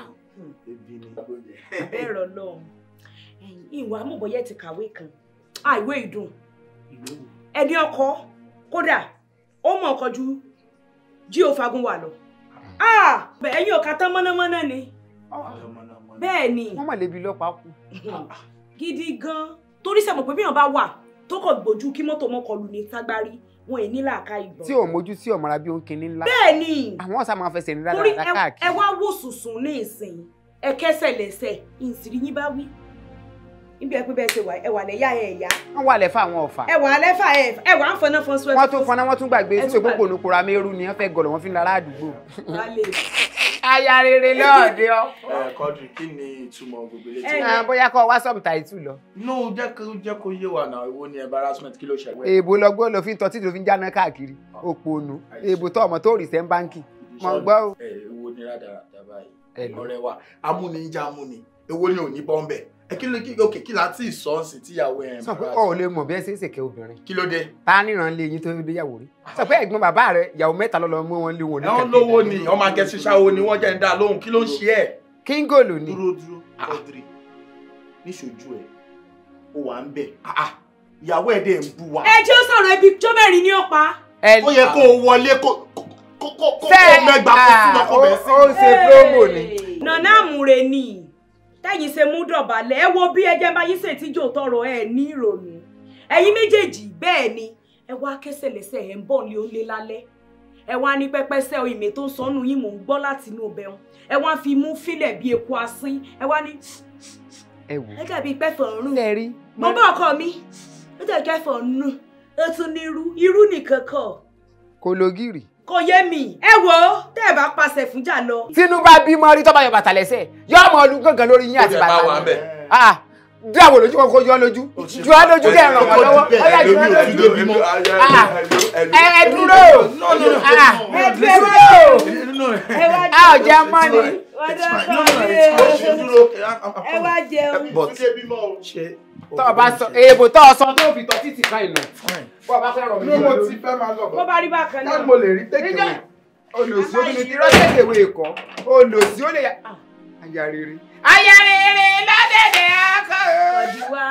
ebi ni bẹ́ẹ̀ rọ lọ́hùn ìwà amúbọ̀yẹ ti kàwé kan àìwé ah, ìdùn ẹni ọkọ kódà ó mọ̀ ọkọ ju jí o fagun wà lọ ah, ẹ̀yin ò tán mọ́nàmọ́ná ni bẹ́ẹ̀ ni wọ́n mọ̀ lébi lọ́pàá kù gidi gan torí sẹ́mọ̀ pé bí wọ́n bá wà tó kọ̀ gbójú kí mọ́tò mọ́kọlù ní tágbárí wọn èní làákà ìgbọ̀n. tí ò mójú sí ọmọ ara bí òun kìíní ńlá. bẹ́ẹ̀ ni àwọn sá máa fẹsẹ̀ ní rárá káàkiri. ẹ wá wò sùsùn ní ìsìn ẹ kẹsẹ̀ lẹ́sẹ̀ ìsìrí yín bá wí níbi ẹgbẹ́ bẹ́ẹ̀ ṣe wà ẹ wà lẹ́yà ẹ ẹ̀yà. wọ́n wà lẹ́fà àwọn ọ̀fà. ẹ wà lẹ́fà ẹ ẹ wà ń fọná fọn sọ tún fọná wọ́n tún gbàgbé sí òpópónù kura mẹ́rù ni wọ́n fẹ́ gọ̀lọ̀ wọ́n fi ń lọ ará àdúgbò aya rere lọ́ọ̀dẹ ọ. ẹ kọ́dù kí ni ìtumọ̀ gbogbo ilé tí wọ́n. bóyá kọ́ wá sọ̀mù tàìtù lọ. no jẹ́ kó jẹ́ kó yé wa náà èwo ni embarrassment kí ló ṣẹlẹ̀. èèbò lọgbọ́n ló fi ń tọ́ títí ló fi ń jáná káàkiri ah, òpònú èèbò tó ọmọ tó rì sẹ́ ń báńkì. mo gbọ́ o. ẹ eh, èwo ni rádaràdà báyìí ọ̀rẹ́ wa amúni ń amúni èwo ni ò bọ́ńbẹ́ ẹ kí ló kí òkè kí láti ìsọ́ọ̀sì tíyàwó ẹ̀ sọ pé ọ ò lè mọ̀ bí ẹ ṣe ń ṣèké obìnrin. kí ló dé. ta níran lé yín tó dé yàwó rí. sọ pé ẹ̀gbọ́n bàbá rẹ ìyàwó mẹ́ta lọ́lọ́ mú wọn lé wọn. ẹ̀wọ̀n lówó ni ọmọ akẹ́síṣàwó ni wọ́n jẹ́ ń dá lóhùn kí ló ń ṣe ẹ̀. kíngòlù ni. dúró dúró ọdiri níṣojú ẹ ó wà ń bẹ ah, ah, ìyàwó ẹ̀ dẹ̀ ń bu wa. ẹ jẹ́ sọ̀rọ̀ ibi tó mẹ́rin ní ọ̀pá. ó yẹ kó o wọlé kó kó kó mẹ́gbàá kó sínú ọkọ̀ bẹ́ẹ̀ sí. ó ń ṣe promo ni. nana amure ni tẹ́yìn ṣe mú dọ̀bálẹ̀ ẹ wo bí ẹjẹ́ bá yín ṣe tíjò tọrọ ẹ ní ìrònú ẹ̀yin méjèèjì bẹ́ẹ̀ ni ẹ wá kẹsẹ̀ lẹ́sẹ̀ ẹ̀ ń bọ̀ lé ó lé lálẹ́ ẹ wá ní pẹ́pẹ́sẹ́ ìmè tó ń sọnù yín mò ń gbọ́ láti inú ọbẹ̀ wọn ẹ wá fi mú fílẹ̀ bí eku asín ẹ wá ní. ẹ wò ó dàbí pẹ́fọ̀ ọ̀run mo bá ọkọ mi ó dàbí pẹ́fọ̀ ọ̀run ó tún ní irú irú nìkan kọ. kò lógìrì kò yé mi ẹ wo tẹ́ ẹ bá pàṣẹ fún jà lọ. tínú bá bí mọ rí tọ́ba yọ bàtà lẹ́sẹ̀ yọ ọmọ ọdún gangan lórí yín àti bàtà rẹ̀ dí àwọn olójú kan kó yọ lójú ju á lójú kẹ ràn wọn lọ́wọ́ ó yà ju á lójú ẹ dúró ẹ dúró a ò jẹ mọ ni ẹ wá jẹun tọ́ ọ bá sọ èèbò tọ́ ọ sọ tó fi tọ́ títì ká ìlú. bó o bá fẹ́ rọ̀ mí lọ́wọ́ mo ti fẹ́ máa lọ bọ̀. bó bá rí bákan náà. táwọn mo lè rí tẹ̀kẹ̀wé olùsí obìnrin ti rọ́ tẹ̀kẹ̀wé ẹ̀kọ́ olùsí ó lè yà. àyà ah, rere. àyà rere lọ́dẹ̀dẹ̀ akọ. ọ̀dì wa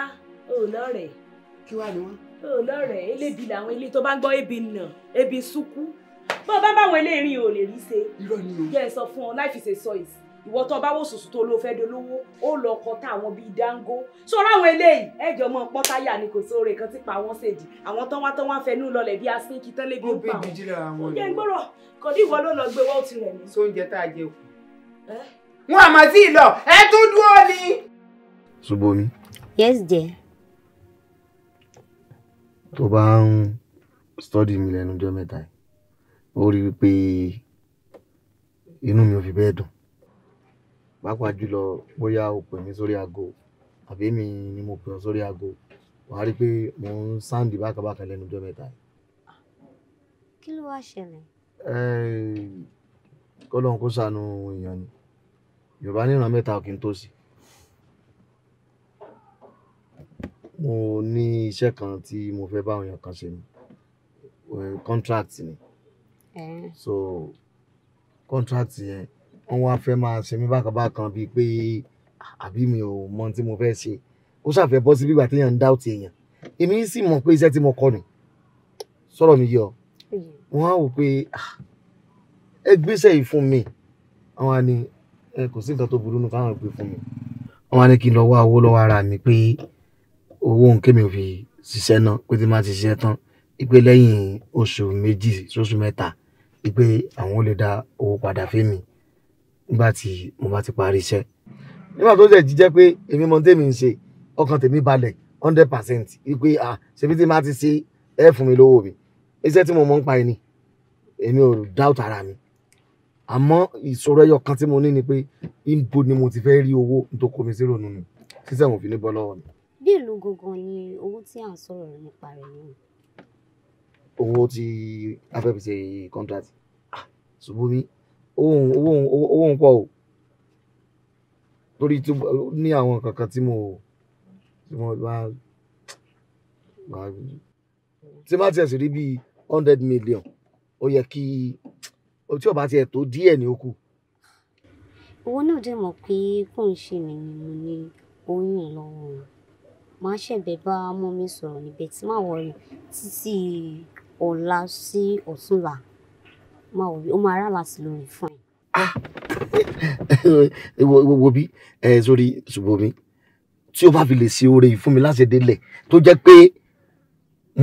òòlọ́ rẹ̀. kí wàá ni wọ́n. òòlọ́ rẹ̀ elébi làwọn ilé tó bá ń gbọ́ ebi nà ebi sunkún bó o bá bá àwọn eléyìí rìn ò lè rí ṣe. irọ́ ni o. yẹ ẹ sọ fún ọ láì fi ṣe sọ yìí ìwọ tó bá wò sùsù tó ló fẹ́ dolówó ó lọ kọ táwọn bíi dáńgó sọ̀rọ̀ àwọn eléyìí ẹ̀jọ̀ mọ́ pọ́n táyà ni kò sóore kan ti pa wọ́n ṣèdí àwọn tán wá tán wá fẹnu lọlẹ̀ bíi asínkì tán lébi ń pa wọn. ó jẹ́ gbọ́rọ̀ kò ní ìwọ ló lọ gbé wọ́ọ̀tì rẹ̀ ni. sóúnjẹ tá a jẹ kù. wọn àmọ́ sí ìlọ ẹ tún dúró ni. Ṣùbọ́mi. yes dear. tó bá ń study mi lẹ́nu ọjọ́ mẹ́ta yìí ó rí i pé inú mi ò fi bẹ́ẹ̀ dùn pàápàá jùlọ bóyá o pè mí sórí aago àbí èmi ni mo pè ọ́ sórí aago wàá rí i pé mò ń sáǹdì bákàbákà lẹ́nu ọjọ́ mẹ́ta yìí. kí ló wáá ṣẹlẹ̀. kọ́lọ́n kó sànù èèyàn ni yorùbá ní ìran mẹ́ta kì í tó sí. mo ní iṣẹ́ kan tí mo fẹ́ bá àwọn èèyàn kan ṣe ni contract ni so contract yẹn. Eh wọ́n wá fẹ́ máa sinmi bákan bákan bíi pé ah, àbí mi ò mọ tí mo fẹ́ ṣe ó ṣàfẹ́ bọ́ sí bí ìgbà téèyàn ń dá òtí èèyàn èmi sì mọ̀ pé iṣẹ́ tí mo kọ nù sọ̀rọ̀ mi yọ wọ́n á wò pé ah, ẹ gbéṣẹ́ yìí fún mi àwọn àni kò sí nǹkan tó burú nù káwọn gbé fún mi wọ́n á ní kí n lọ wá owó lọ́wọ́ ara mi pé owó nǹkan mi ò fi ṣiṣẹ́ náà pé tí má ti ṣiṣẹ́ tán ìpè lẹ́yìn oṣù méjì sóṣù mẹ́ta ìpè àwọn ò lè dá owó padà fún mi nígbà tí mo bá ti parí iṣẹ́ nígbà tó jẹ́ jíjẹ́ pé èmi mọ tèmi ń ṣe ọkàn tèmi balẹ̀ hundred percent wípé ah ṣebí tí máa ti ṣe ẹ fún mi lówó mi iṣẹ́ tí mo mọ̀ ń pa ẹni èmi ò doubt ara mi àmọ́ ìṣòro ẹyọ kan tí mo ní ni pé ibo ni mo ti fẹ́ rí owó tó kó mi sí ronú mi sísẹ̀ mo fi ní bọ́ lọ́wọ́ mi. bí èlò gangan ni owó tí à ń sọ̀rọ̀ nípa rẹ̀ nínú. owó tí a fẹ́ fi ṣe contract ṣùgbọ́n mi owó òun owó òun o lórí ní àwọn nǹkan tí mo tí mo máa máa tí má tiẹ̀ sì rí bíi hundred million ó yẹ kí tí ò tiẹ̀ tó díẹ̀ ní okù. owó náà dẹ̀ mọ̀ pé kò ń ṣe mí ni mo ní oyún lọ́wọ́ màá ṣẹ̀bẹ̀ bá ọmọ mi sọ̀rọ̀ níbẹ̀ tí màá wọlé títí ọ̀la sí ọ̀túnla máa wò ó máa rà láti lórí fún ẹ. Ah! wo bí ẹ sórí ṣùgbọ́n mi tí o bá fi lè ṣe oore yìí fún mi láti délẹ̀ tó jẹ́ pé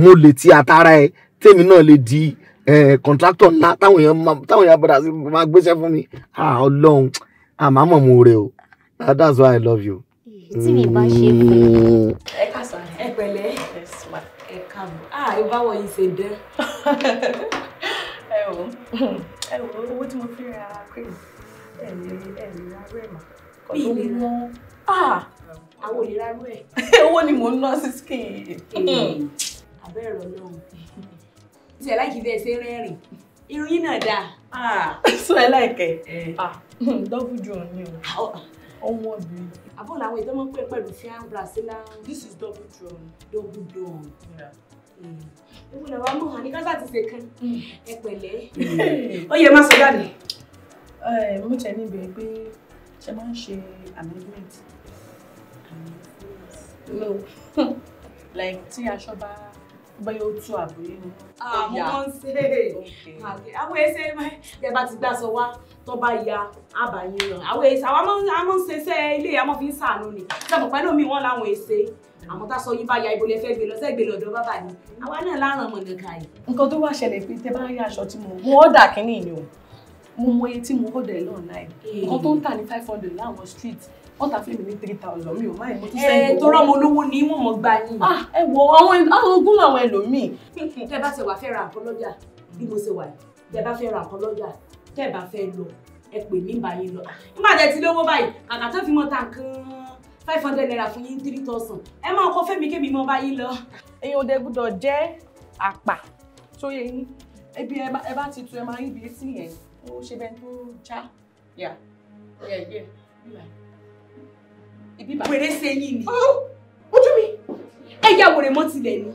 mo lè ti àtàrà ẹ tèmi náà lè di kọ̀ǹtráktọ̀ ńlá táwọn èèyàn padà sí máa gbéṣẹ́ fún mi ah, ọlọ́run àmàmọ̀ ah, mo rẹ o that's why i love you. tí mi bá ṣe fún ẹ mm. ká sọ ẹ pẹ̀lẹ́ ẹ káàbọ̀ ah ìbáwọ yìí ṣe dẹ. ẹ wò ẹ wò owó tí mo fi ra cream ẹ lè ẹ lè ra rẹ mà kọ́ tó wọ́n àwọn ah! ò lè ra rẹ. owó ni mò ń ná sí skin. abẹ́ ẹ̀rọ lọ́hùn tí ẹ láìkí bẹ́ẹ̀ ṣe rẹ́rìn ìròyìn náà dáa. Ah! sọ ẹ láìkẹ ah! dọ́bù jù ọ́ o oh, ọmọ obìnrin. àbọ̀ làwọn ìdánwò pé pẹ̀lú fian brazilian this is double drone, double drone. Yeah ewu làwa mọ̀ hàn ní káṣá ti ṣe kan ẹ pẹ̀lẹ́ ó hmm. yẹ má sọ jáde. mo tẹ̀ ní ìbéèrè pé ṣe máa ń ṣe amendment no like tí aṣọ bá bóyá ó tú àbúrí ni. àwọn ah, máa ń ṣe é ah, àwọn èsè ẹ bá ti gbàsọ wá tó bá ya àbàyàn àwọn èsè àwọn máa ń ṣe iṣẹ́ ilé àmọ́ fi ń ṣàánú ni sábà pẹ̀lú mi wọ́n láwọn èsè àwọn tá sọ yín bá ya ibo lẹ fẹ́ gbé lọ sẹ́ gbé lọ́dọ̀ bàbá ni àwa náà láràn mọ̀nà káyì. nǹkan tó wá ṣẹlẹ̀ pé tẹ bá rí aṣọ tí mo mú ọ́dà kínní ni o mo mọ iye tí mo ó dẹ̀ lọ́ọ̀ náà nǹkan tó ń tà ní five hundred láwọn street wọ́n ta fún mi ní three thousand mi ò máa ń tó sẹ́yìn. ẹ tọrọ ọmọ olówó ni wọn mọ gba yín. Ah, ẹ wo àwọn ogún làwọn ẹlòmíì. tẹ bá ṣe wà fẹ́ ra nǹkan lọ́jà bí mo ṣe wà tẹ bá fẹ́ ra nǹkan lọ́jà tẹ bá fẹ́ lọ ẹ pè mí báyìí lọ. nígbà tẹ ti lówó báyìí kàkà tó fi mọ ta five hundred naira fún yín three thousand ẹ máa kó fẹ́mi kémi mọ́ báyìí lọ. èèyàn ò dẹ gbúdọ̀ jẹ́ àpà tó yẹ yín ebi ẹ bá ti tu ẹ máa ń ibi etí yẹn ó ṣe bẹ́ẹ̀ tó já yà yẹ yẹ ibi bá. wèrè ṣe yín ni oh, ojú mi ẹ yà wèrè mọ́ tilẹ̀ ni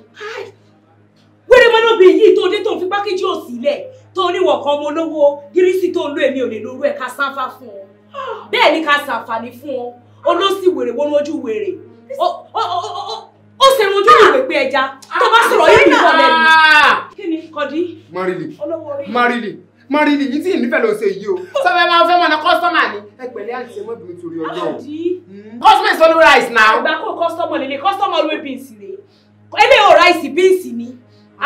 wèrè mọ́ lóbi yìí tó dé tó ń fi pákéjì òsì lẹ̀ tó níwọ̀ kan ọmọ olówó gírísì tó ń lo èmi ò lè lórú ẹ̀ ká sáfá fún ọ ah. bẹ́ẹ̀ ni ká ṣàǹfààní fún ọ olóṣì wèrè wọnú ojú wèrè ó ṣèrun ojú ìwé pé ẹja tó bá sọ̀rọ̀ yìí nìkan lẹ́nu. kí ni kọ́dí. Marili Marili Marili yìí tí ìnífẹ̀ ló ṣe yìí o sọ́fẹ́ máa ń fẹ́ mọ́nà kọ́sọ́mà ni ẹ pẹ̀lẹ́ àti ẹ mọ́bìnrin torí ọjọ́ o kọ́sọ́mà is only rice now. ìgbà kó kọ́sọ́mà lè lè kọ́sọ́mà ló beans rè é eléyìí ò ráìsì beans ni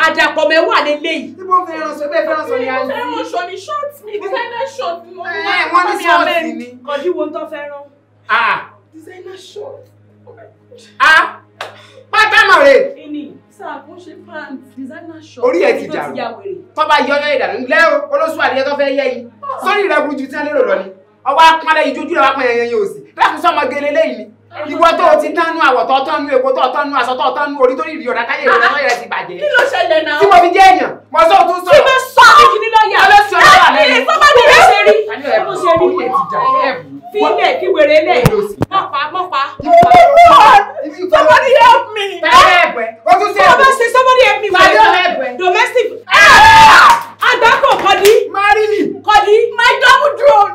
àdàpọ̀ mẹ́wàá lélẹ́yìí. bí wọ́n fẹ́ràn sọ bẹ́ẹ̀ fẹ́ràn sọ ni a ní. mo fẹ́ràn sọ ni short mi designer short mi. Eh, ẹ wọ́n ní sọ́ọ̀tì ni. kọ́dí wo ń tọ́ fẹ́ràn. Ah. Designer short. Oh my God. Ah. Pátánà rẹ̀. Kíni, sáà kò ṣe pant, designer short. Orí ẹ̀ ti dàrú. Tó bá yọ yọ ìdàrú ńlẹ́ o, olóṣù àdìyẹ tó fẹ́ yẹ yìí. Ah. Sọ́rí rẹ̀ burú ju tí wọ́n lérò lọ ni. Ọwọ́ apánlẹ̀ ìjójú rẹ̀ wá pẹ́ yẹn yẹn yẹn òsì. Lákùn sọ́mọ gẹ́lẹ́ lẹ́yìn ni ìwọ tó o ti tánú àwọ̀ tó tánú epo tó tánú aṣọ tó tánú orí tó ní ìrì ọ̀dà táyé ìrọ̀lá lọ́yẹ̀ rẹ̀ ti bàjẹ́. kí ló ṣẹlẹ̀ náà. tí mo fi jẹ́ èèyàn mo sọ tún sọ. kí ló sọ àbíkí ní lọ́ọ̀yà. ẹ lọ́sọ̀ ẹ wà lẹ́yìn. ẹ fọ́nbà mi lè ṣe rí. ẹ ló ṣe rí. fi ilé kí wèrè lẹ̀. mọ̀pá mọ̀pá. somebody help me. bàbá ṣe somebody help me. domestic. Ah! àgbà kò kọ́dí. kọ́dí. my double drone.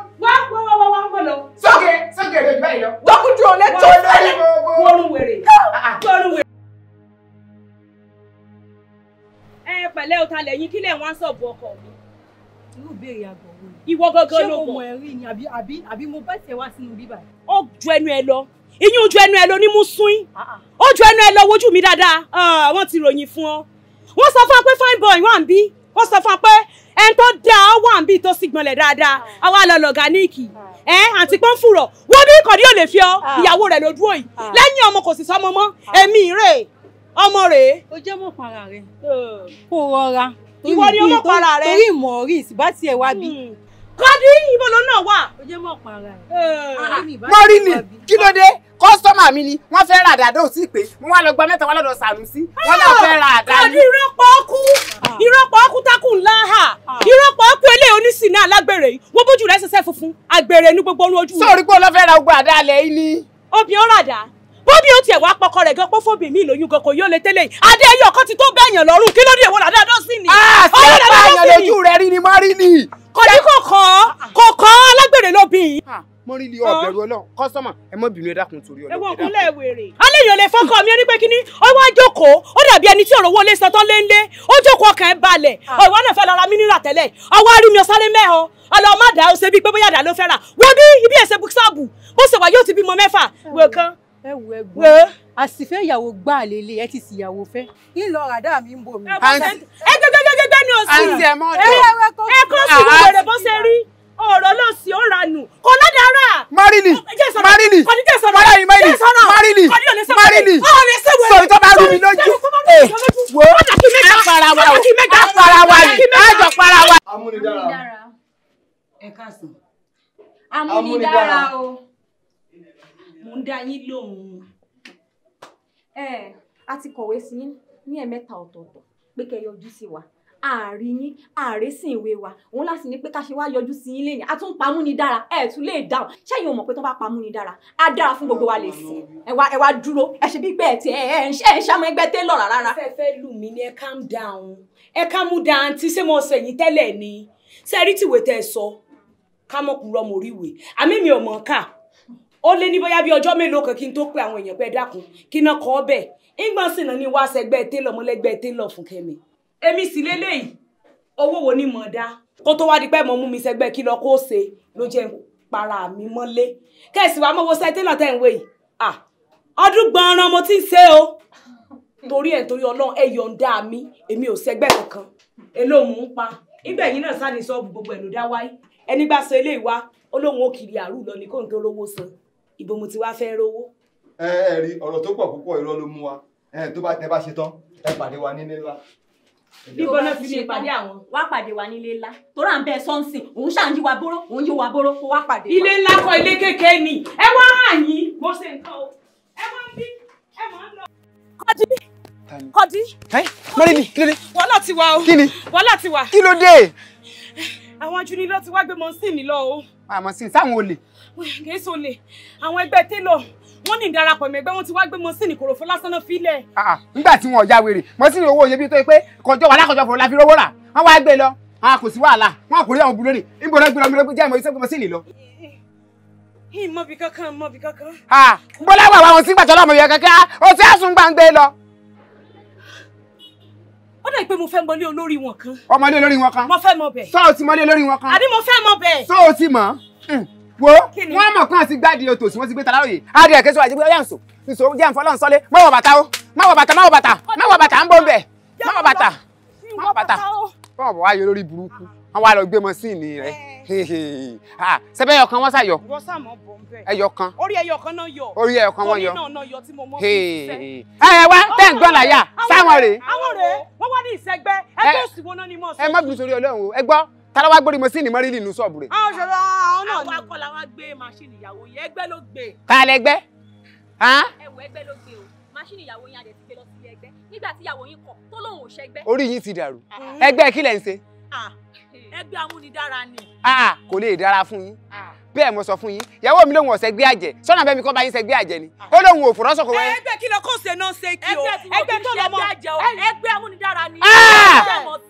kí lè wọ́n sọ̀bù ọkọ mi. irú ìbéèrè àgbọ̀ wo ni. ìwọ gangan ló mọ̀. ṣé mo mọ ẹ̀rí ni àbí àbí àbí mo bá tiẹ̀ wá sínú bíbà. ó ju ẹnu ẹ lọ iyún ju ẹnu ẹ lọ ní musuin ah, ah. ó ju ẹnu ẹ lọ wojú mi dáadáa ah, wọ́n ti ròyìn fún ọ wọ́n sọ fún ọ pé fine boy wà ń bí wọ́n sọ fún ọ pé ẹni tó dáa ó wà ń bí tó sì gbọ̀nlẹ̀ dáadáa àwa lọ lọ̀gáníìkì ẹ àti pọ́n fùrọ̀ wọ́n bí kọ̀dí ò lè fi ọ ìyàwó rẹ̀ ló dúró yìí lẹ́yìn ọmọ kò sì sọmọ mọ́ èmi rè ọmọ rè. o jẹ́ mọ̀ para rẹ̀ kó rọra ìwọ ni ọlọ́pàá ara rẹ torí ìmọ̀ orí ìsìnbá tiẹ̀ wá bí. Hmm. kọ́dí ìbò ló náà wà. ó jẹ́ mọ̀ pa ara ẹ̀. Eh. Ah, ah, wọ́n rí ni kí ló dé kọ́sọ́mà mi ni wọ́n fẹ́ ra àdá sí pé wọ́n wá lọ gba mẹ́ta wá lọ́dọ̀ Sànúsí wọ́n náà fẹ́ ra àdá ni. kọ́dí ìrọ́pọ̀ ọkú ah. ìrọ́pọ̀ ọkú takùn láhà ìrọ́pọ̀ ọkú ilé onísìn náà lágbèrè yìí wọ́n bójú rẹ̀ ṣẹṣẹ́ funfun àgbèrè ní gbogbo orun ojú. sọ̀rí pé olófẹ́ ra gbogbo àdá alẹ́ yìí ni. obìnrin ó ràdá bí ó tiẹ̀ wá pọkọ rẹ̀ gan pọ́ fóbi mi lóyún gan yóò lè tẹ́lẹ̀ yìí adé ẹyọ ọkọ ti tó bẹ̀yàn lọ́rùn kí ló dé ìwọ́n àdáadọ́ sí ni. ọ̀rẹ́ rẹ̀ sí ni ojú rẹ̀ rí ni má rí ni. kò kò kọ́ kò kọ́ alágbèrè lóbìn. mo rí ilé ọbẹ̀rù ọlọ́run kọ́sọ́mà ẹ mọ́ bínú ẹ torí ọlọ́run. ẹ̀wọ̀n kúnlẹ̀ wèrè. aléyàn lè fọkọ mi ní pé kí ni ọwọ́ ló fẹ́ rà wọ́n bí ibi ẹ̀sẹ̀ bukṣọ́ọ̀bù bó ṣe wà yóò ti bímọ mẹ́fà wẹ̀ ẹ wo ẹ̀gbọ́n àsìfẹ ìyàwó gbà lélẹ ẹ ti sì ìyàwó fẹ ńlọ ràdá mi ń bò mí. ẹ gbẹgbẹgbẹgbẹ ní oṣù ẹ kó sì wọ rẹ bó ṣe rí ọ̀rọ̀ lọ sí ó ranù kò ládàárà. Marini Marini Marini Marini Marini Marini sọ̀rọ̀ tó bá rú eh, lójú wo ẹ̀ para wa o ẹ̀ para wa yìí ẹ̀ jọ para wa. amúnidára ẹ káàsán amúnidára o mo ń dá yín lóhùn. ẹ a ti kọ̀wé sí yín ní ẹ̀mẹ́ta ọ̀tọ̀ọ̀tọ̀ pé kẹ́ yọjú sí wa ààrí yín ààrẹ sì ìwé wa òun láti ní pé ká ṣe wá yọjú sí yín lẹ́yìn a tún pamú ni dára ẹ tún lè dáhùn ṣẹ́yìn ò mọ̀ pé tó bá pamú ni dára á dára fún gbogbo wa lè sìn ẹ wá ẹ wá dúró ẹ ṣe bí bẹ́ẹ̀ tí ẹ ẹ ń ṣe ẹ ń ṣàmú ẹgbẹ́ tẹ́lọ̀ rárá. ẹ fẹ́ lù mí ni ẹ calm down ẹ ká mú down tí ṣé mo sọ èyí tẹ́lẹ̀ ni ṣe rí tìwé tẹ́ sọ ká mọ̀ kúrọ́ mo àmì mi ò mọ̀ ká ó lé ní bóyá bí ọjọ́ mélòó kan kí n tó pe àwọn èèyàn pé dákun kí n kọ́ ọ bẹ́ẹ̀ ìgbọ̀n sì náà ní wá sẹgbẹ́ télọ̀ mọ́lẹ́gbẹ́ télọ̀ fún kẹ́mi èmi sì lélẹ́yìí owó wo ni mọ̀ dá kó tó wá di pẹ́ mọ̀ mú mi sẹgbẹ́ kí lọ kó ṣe ló jẹ́ para mi mọ́lé kẹ́sì wàá mọ́wọ́ sẹ́ télọ̀ tẹ̀ ń wé yìí ọdún gbọ̀nràn mo ti ń o tori ẹ̀ tori ọlọ́run e yọ̀ǹda mi emi ò sẹgbẹ́ kankan elóhùn ń pa ibẹ̀ yìí náà sáà ní sọ́ọ̀bù gbogbo ẹ̀ ló dá wáyé ẹni bá sọ eléyìí wá ó ó kiri àrùn lọ ní kóńtó lówó san ibo mo ti wá fẹ́ rówó. ẹ ẹ rí ọ̀rọ̀ tó pọ̀ púpọ̀ irọ́ ló mú wa tó bá tẹ bá ṣe tán ẹ pàdé wa nílé ńlá. bí bọ́lá fi ṣe pàdé àwọn wá pàdé wa nílé ńlá tó rà ń bẹ sọ́nsìn òun ṣáà ń yí wa bóró òun yí wa bóró kó wá pàdé. ilé ńlá kọ́ ilé kékeré ni ẹ wá hàn yín mo ṣe nǹkan o ẹ wá bí ẹ máa ń lọ. kọ́dí kọ́dí. lórí mi kí ló dé. wàhálà ti wà o. kí ni wàhálà ti wà. kí ló dé. àwọn ajínigbé ti wá gbé mọ́sìn mi lọ o. àmọ́sìn sáwọn olè kì í so lè àwọn ẹgbẹ́ télọ̀ wọ́n ní ìdarapọ̀ mẹ́gbẹ́ wọ́n ti wá gbé mọ́sìnì kòròfó lásán náà filẹ̀. Ah, ah, nígbà tí wọn ò ya wèrè mọ́sìnì owó òye bíi tó yẹ pé kọjọ́ wà lákọjọ́ fòrò láfi rówó rà wọ́n wá gbé lọ àwọn ah, kò sí wàhálà wọn kò rí àwọn obìnrin rè níbo náà gbé lọ́mọdé jẹ́ ìmọ̀ iṣẹ́ mọ́sìnì lọ. ìmọ̀bì kankan mọ̀bì kankan. bọ́lá wà wá wọn sí gbàtọ́ lọ́mọ yẹn kankan ó ti àsùn gbàǹgbé lọ ó dẹ̀ pé mo fẹ́ mọlé olórí wọn kan. ọmọlé olórí wọn kan. mo fẹ́ mọ bẹ̀. sọ ò ti mọlé olórí wọn kan. àbí mo fẹ́ mọ bẹ̀. sọ mọ̀. Hmm wo wọ́n mọ̀ kán sí gbáàdì otòsí wọ́n ti gbé taláròyè adìẹ àkẹ́sọ̀ àjẹgbẹ́ ọ̀yàǹsọ̀ nìṣó jẹ́ àǹfọ̀lọ́ ńsọ́lé má wọ bàtà o má wọ bàtà má wọ bàtà má wọ bàtà ń bọ̀ nbẹ̀ má wọ bàtà má wọ bàtà bọ́ọ̀ bọ̀ wáyé lórí burúkú wọ́n wá lọ gbé mọ́ sí ìní rẹ̀ sẹ́bẹ̀ ẹyọ kan wọ́n sàyọ ẹyọ kan orí ẹyọ kan náà yọ orí ẹyọ kan wọ́n yọ ẹ wá tẹ́ ń gbọ́n láyà sáwọn rèé àwọn rèé wọ́n wá ní ìsẹ́gbẹ́ ẹgbẹ́ òsì wọn náà ni mọ̀ sí. ẹ má bìrì sórí ọlọ́run o ẹ gbọ́ ta ló wá gbórí mọ́ sí ìní mọ́rí nínú ṣọ́ọ̀bù rẹ̀. àwọn ṣọlá àwọn náà ni. àwọn akọ́lá wa gbé màṣíìnì ìyàwó yẹn ẹgbẹ́ ló gbé. ká lẹ gbẹ́. ẹ̀wọ̀ ẹgbẹ́ ló gbé o màṣíìnì ìyàwó yẹn àdẹ̀ ti gbé lọ sí ẹgbẹ́ nígbà tí ìyàwó yín kọ̀ tó lóun ò ṣẹgbẹ́. orí yín ti dàrú ah. ẹgbẹ́ kí lẹ̀ ń ṣe. Ah, ẹgbẹ́ amúnidára ni. Ah, kò lè dára fún yín bẹ́ẹ̀ mo sọ fún yín ìyàwó mi lòun ọ̀sẹ̀ gbé àjẹ́ sọ́nà bẹ́ẹ̀ mi kọ́ bá yín ṣe gbé àjẹ́ ni ó lòun ò fòrọ́sọ̀ kò wẹ́. ẹgbẹ́ kí lọ kó ṣe náà ṣe kí o ẹgbẹ́ tó lọ mọ ẹgbẹ́ amúnidára ni.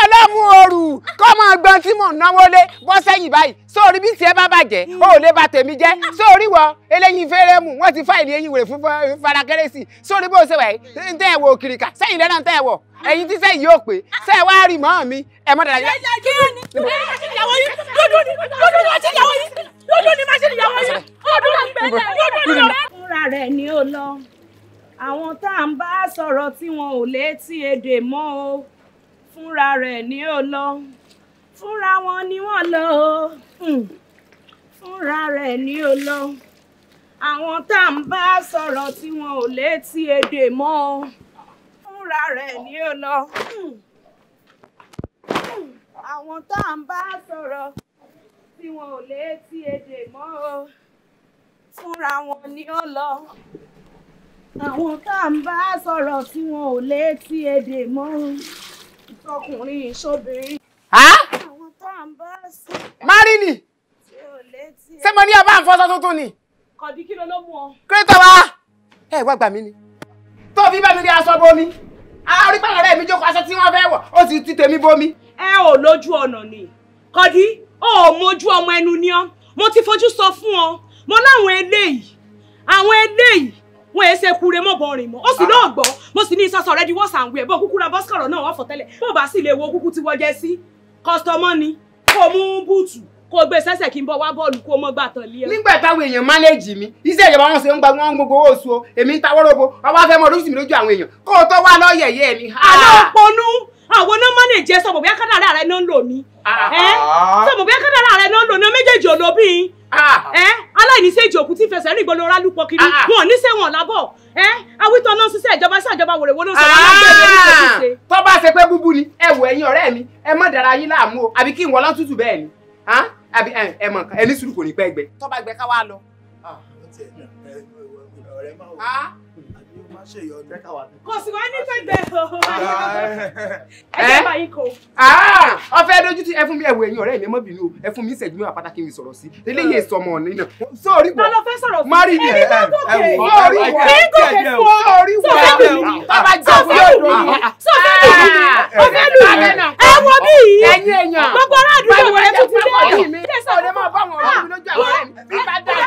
ọlọ́mú ooru kọ́ máa gbọ́n tí mò ń náwó lé bọ́ sẹ́yìn báyìí sórí bí tiẹ̀ bá bàjẹ́ hmm. ó lè ba tèmi jẹ́ sórí wọ eléyìí fẹ́rẹ́ mù wọ́n ti fáìlì eyín wèrè fún fara kérésì sórí bó ṣe wà yìí ntẹ́ ẹ̀ wò kìrìkà sẹ́yìn lẹ́nà ntẹ́ ẹ̀ wọ̀ ẹ̀yin tí sẹ́yìn yóò pé ṣe wá rí mọ́ mi ẹ̀ mọ́ dàda àwọn tá à ń bá sọ̀rọ̀ tí wọn ò létí èdè mọ́ o fúnra rẹ̀ ni ó lọ fúnra wọn ni wọ́n lọ hmm. fúnra rẹ̀ ni ó lọ àwọn tá à ń bá sọ̀rọ̀ tí wọn ò létí èdè mọ́ ọ fúnra rẹ̀ ni ó lọ hmm. Hmm. àwọn tá à ń bá sọ̀rọ̀ tí wọn ò létí èdè mọ́ ọ fúnra wọn ni ó lọ àwọn tá à ń bá sọ̀rọ̀ tí wọn ò létí èdè mọ́ ọ tọkùnrin ìṣobìnrin. àwọn tó à ń bá sí. mari ni ṣé mo ní ọba àǹfọ́sọ tuntun ni. kọ̀bí kí ló ló mú ọ. kírítọ̀ wa ẹ wá gbà mí ni tó fi bẹ́ẹ̀ mi rí aṣọ bomi arí pàlọ́rẹ́ mi jókòó aṣọ tí wọ́n fẹ́ wọ̀ ó sì ti tèmi bomi. ẹ ò lójú ọ̀nà ni kọ́dí ó ò mójú ọmọ ẹnu ni ọ́ mo ti fojú sọ fún ọ mo láwọn eléyìí àwọn eléyìí wọn ẹ ṣe kure mọ bọrin mọ ó sì náà ah. gbọ́ mo sì ní ìsọsọ rẹ di wọ́sà ń wí ẹ̀ bọ́ kúkú ra bọ́sìkọ̀rọ̀ náà wọ́n fọ̀ tẹ́lẹ̀ bó bá sì lè wo kúkú tí wọ́n jẹ sí kọ́sítọ́mọ́ ni kó mú búùtù kó gbé e sẹ́sẹ̀ kí n bọ́ wá bọ́ọ̀lù kó mọ́ gbà tán lé ẹ. nígbà táwọn èèyàn mánéèjì mi iṣẹ́ ìjọba wọn ṣe ń gba wọn gbogbo owó oṣù o èmi ń tawọ́ robo ọba fẹ́ mọ oríṣi mi lójú àwọn èèyàn kó o tó wá lọ́ọ̀yẹ̀yẹ́ mi. Ah. àlọ́ àwọn náà mánéèjì ẹ sọ bọ̀ akádàrà rẹ náà ń lò mí. Ah. ẹ akádàrà rẹ náà ń lò ní méjèèjì olóbìn ẹ ah! eh? aláìníṣẹ́jì òkú tí fẹsẹ̀ rìn gbọ́dọ̀ rálùpọ̀ kiri ah! wọn ò ní sẹ́wọ̀n lábọ̀ ẹ eh? awítọ́ náà ṣiṣẹ́ ìjọba ṣàjọba wòrèwò ló sọ wọn lágbẹ̀rẹ̀ ní kò ṣe. Ah! tó bá ṣe pé búbú ni ẹ wò ẹ̀yin ọ̀rẹ́ mi ẹ má dara yín láàmú o àbí kí n wọ lọ́tútù bẹ́ẹ̀ ni àbí ẹ mọ̀ nǹkan ẹ ní sùúrù kò ní pẹ́ gbẹ. tó gbẹ ká lọ ṣe yọ dẹ́ka wà. kò sì wá ní pẹ̀tẹ̀ o. ẹ jẹ́ bá yín kó. Ah! ọfẹ́ dojú ti ẹ fún mi ẹ̀wọ̀ ẹ̀yin ọ̀rẹ́ mi mọ́ bínú o ẹ fún mi ìṣẹ́jú mẹ́wàá pàtàkì mi sọ̀rọ̀ sí eléyìí èso ọmọ ọ̀nà iná. sórí wọ tọ́lọ fẹ́ sọ̀rọ̀ sí mari ni ẹ ẹ wọ sórí wọ kí gòkè fún ọ sórí wọ bàbá jẹ fún ọ ọfẹ́ lù mí ah! ẹ wọ bí yìí ẹ̀yin èèyàn gbogbo aráàlú ló wọlé tuntun lé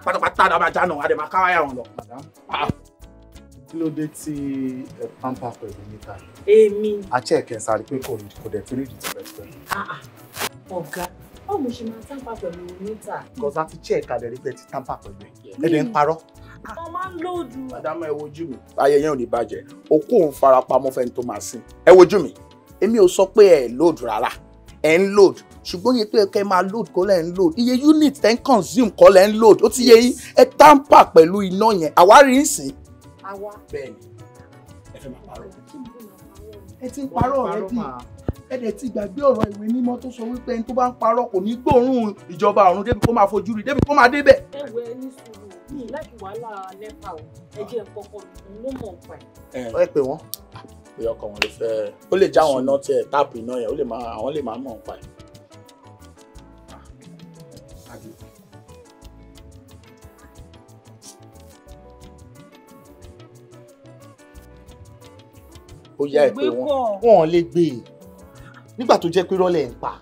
pátápátá dábàá jáná a dẹ̀ máa káwáyà wọn lọ. Ah, kí ló dé tí ẹ pampa pẹ̀lú níta. èmi. àti ẹ̀kẹ́ sáré pé kò dẹ̀ tí rí ìdí tí bẹ́ẹ̀ fẹ́. Ah, ah. ọ̀gá báwo mo ṣe máa tampa pẹ̀lú níta. gọ́sà ti check kalẹ̀ rí pé ti tampa pẹ̀lú ẹ̀ ẹ̀ dẹ̀ ń parọ́ wọ́n máa ń lóòdù. Màdámù ẹ wojú mi. Ayẹyẹ ò ní bàjẹ́. Òkú òun farapamọ́ fẹ́ni tó máa sìn. Ẹ wojú mi. Èmi ò sọ pé ẹ lóòdù rárá. Ẹ ń lóòdù ṣùgbọ́n iye tó yẹ kẹ́ máa load kọ́ lẹ́ ń load iye unit tẹ́ consume kọ́ lẹ́ ń load ó ti yẹ yín ẹ tampa pẹ̀lú iná yẹn àwa rí ń sìn. àwa bẹ́ẹ̀ni ẹ fẹ́ máa parọ́. ẹ ti ń parọ́ rẹ bí ẹ dẹ̀ ti gbàgbé ọ̀rọ̀ ìwé mímọ́ tó sọ wípé ẹni tó bá ń parọ́ kò ní gbóòórùn ìjọba ọ̀run débi kó máa fojú rí débi kó máa débẹ̀. ẹ wẹ ní sùúrù mi láti wàhálà lẹ́pà o ẹ jẹ́ nǹkan kan ló mọ̀ pa ẹ̀. ẹ pé wọn ó lè já àwọn náà tiẹ̀ táàpù iná yẹn ó lè máa àwọn lè máa ó yá ẹ pé wọn wọn lè gbé e nígbà tó jẹ́ pé rọ́lẹ̀ ń pa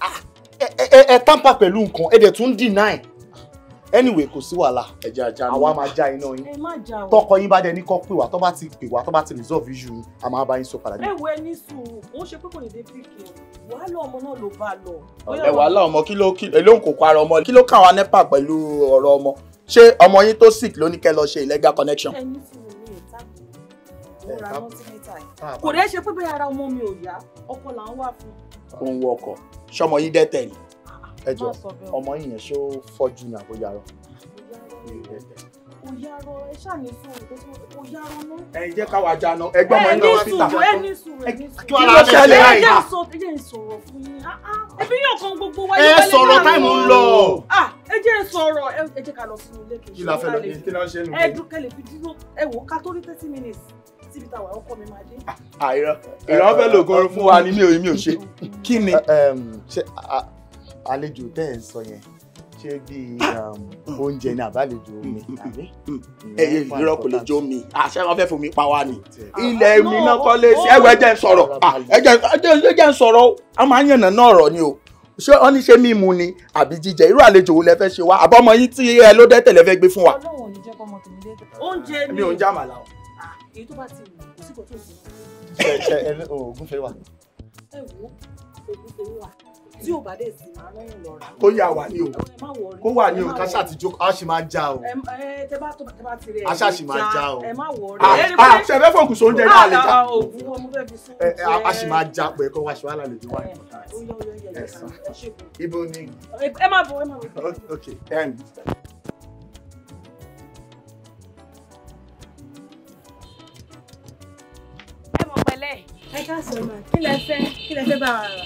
ah, ẹ tamper pẹ̀lú nǹkan ẹ dẹ̀ tún deny anyway kò sí wàhálà ẹja ajá ni àwa máa já iná yín tọkọ yín bá dẹ ní kọ pè wá tó bá ti pè wá tó bá ti resolve issue yín a máa bá yín sọ padà. ẹ wo ẹni sùn ó ṣe pé kò ní dé pk wàhálà ọmọ náà ló bá lọ. ẹ wàhálà ọmọ kí ló ló ń kó para ọmọ kí ló káwa nepa pẹ̀lú ọ̀rọ̀ ọmọ ṣé ọmọ yín tó sick ló ní kẹ́ lọ ṣe illegal connection. ẹni sùn ní ìta kò rà mọ́tí Ah, kò dẹ́ ṣe pé bẹ́ẹ̀ ara ọmọ mi ò yá ọkọ là ń wà fún. ó ń wọ ọkọ ṣọmọ yìí dẹ́tẹ̀ ni ah, ẹ jọ ọmọ yìí yẹn ṣó fọ́jú ni àbójà rọ. òyàrọ ẹ ṣàní sùn òyàrọ náà. ẹ jẹ́ káwa jáná ẹgbẹ́ ọmọ yìí lọ́wọ́ síta. ẹ ní sùúrù ẹ ní sùúrù kí ló ṣẹlẹ̀ ẹ jẹ́ ìsọ̀rọ̀ fún mi ẹbí yóò kan gbogbo wáyé wálé náà ẹ sọ̀rọ̀ táìmù ń lọ. Ah, ẹ jẹ́ sọ̀rọ̀ ẹ jẹ́ ká lọ sínú ilé kejì. kí la fẹ́ lọ kí la ṣe nù. ẹ dúkẹ́ lè fi dúró ẹ wò ká tó ní thirty minutes síbi táwa ọkọ mi máa dé. àìrọ ah, ah, ìrọ fẹ́ lògùn oorun fún wa ni mi ò mi ò ṣe kí ni. Eh, ṣé àlejò tẹ́ ẹ̀ sọ yẹn ṣé bíi oúnjẹ ni àbálejò omi tàbí. ẹyẹ ìrọ kò lè jó mi àṣẹ ah, wọn fẹ́ fún mi pa wá ni ilẹ̀ mi náà kọ́ lé sí ẹgbẹ́ jẹ́ ń sọ̀rọ̀ ẹgbẹ́ jẹ́ ń sọ̀rọ̀ a máa ń yànnà náà rọ̀ ni o ṣé wọn ní ṣe mímu ni àbí jíjẹ irú àlejò wo lẹ fẹ́ ṣe wá àbọmọ yín tí ẹ ló dẹ́tẹ̀ lẹ gbé fún wa. Ọlọ́run ò ní jẹ́ kọ́mọ tèmi dé. oúnjẹ ni mi ò ń jà màlà o èyí tó bá ti wù kò sí kò tó sí. ṣe ṣe ẹ ní oògùn fẹ́ wà. ẹ wo oògùn fẹ́ wà tí ò bá dé sí máa lọ́yìn lọ rà. kó yà wá ní o kó wà ní o ká ṣàtijọ́ a sì máa já o. ẹ tẹ bá tó tẹ bá ti rẹ a sì ah, ah, ah, máa já o. ẹ má wọrí. a ṣe fẹ́ fọ̀gùn sóun náà lè já. a sì máa já pé kó wá sí wàhálà lè ju ibo ni. ẹ má bọ ẹ má bọ. ẹ ká sọ ma kí lẹ fẹ́ kí lẹ fẹ́ bá wa rà.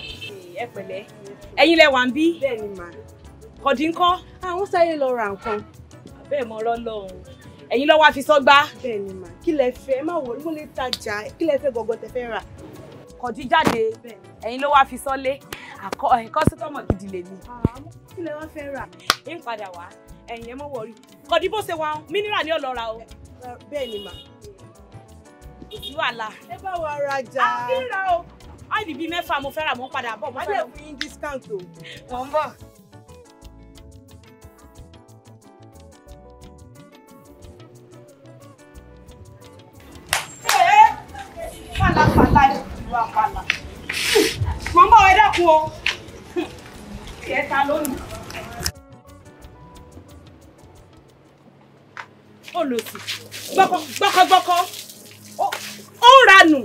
ẹ pẹ̀lẹ́ ẹ̀yin lẹ wà ń bí. bẹ́ẹ̀ni mà. kọdí ńkọ́. àwọn sáyé lọ ra nǹkan. bẹ́ẹ̀ mọ lọlọrun ẹ̀yin lọ wá fi sọgbà. bẹ́ẹ̀ni mà kí lẹ fẹ́ má wọ ló lè tajà kí lẹ fẹ́ gọgọ tẹ fẹ́ rà. kọdí jáde ẹ̀yin ló wá fi sọlé àkọ ẹ kọsítọmọ gidi lèmi. kí lẹ wá fẹ́ rà. ń padà wá ẹ̀yin ẹ mọ wọrí kọdí bó ṣe wá mínírà ni ó lọ ra o. bẹ́ẹ̀ni mà kò sí wàhálà. ẹ bá wa rajà. a fi ra o ọ́ìlì bíi mẹ́fà mo fẹ́ rà mọ́ padà bọ̀ wọ́n lè fún yín discount o. mò ń bọ̀. pàlàpàlà ìlú àpàlà. Mọ̀ ń bọ̀ ẹ dákun o. Kẹta lónìí. Olùsí, gbọ́kọ́ gbọ́kọ́ gbọ́kọ́ ó ń ranù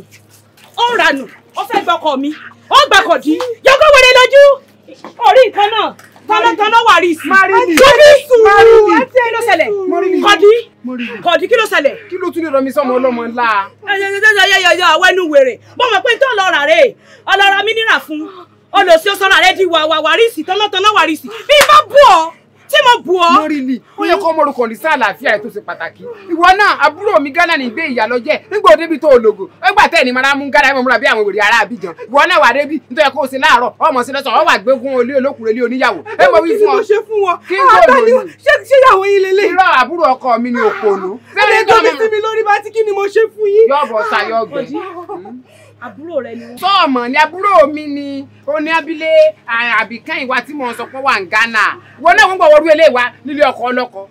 ó ń ranù ó fẹ́ gbọ́kọ̀ mi ó gbàkọ̀ dí yọkọ̀ wẹ̀rẹ̀ lójú orí nǹkan náà tọ́lọ́tọ́lọ́ wà rí sí. Marini Marini kí ló ṣẹlẹ̀ kọ́dí kọ́dí kí ló ṣẹlẹ̀. kí ló tún lè rọ mi sọmọ ọlọmọ ńlá. yọyọyọyọ àwọn ẹnu wèrè bó mọ̀ pé tó lọ́ra rẹ̀ ọlọ́ra mi nira fún olùsí ó sọ́ra rẹ̀ di wàwà wà rí sí tọ́lọ́tọ́lọ́ wà rí sí bí bá bù ọ́ tí mo bù ọ́. lórí ni ó yẹ kó mọ̀rùkọ̀ ní sáà àlàáfíà ẹ̀ tó ṣe pàtàkì. ìwọ náà àbúrò mi gánà ní ìgbé ìyá lọ́jẹ́ nígbà òdebí tó ológo ẹgbà tẹ́ ni mara mú gánà ẹ̀ mọ̀mọ́ra bí àwọn wèrè ará àbíjan. ìwọ náà wà débi nítorí ẹ̀ kó o ṣe láàárọ̀ ọmọ sí lọ́sàn-án wà gbé fún olé olókùnrin ilé oníyàwó. ẹ mọ wí fún ọ kí àbúrò rẹ ni wọn. sọọmọ ni àbúrò mi ni oní abílé àbíkán ìwà tí mò ń sọ pé wà ń Ghana wọn náà wọn gbọ wọlú ilé wa nílé ọkọ ọlọkọ.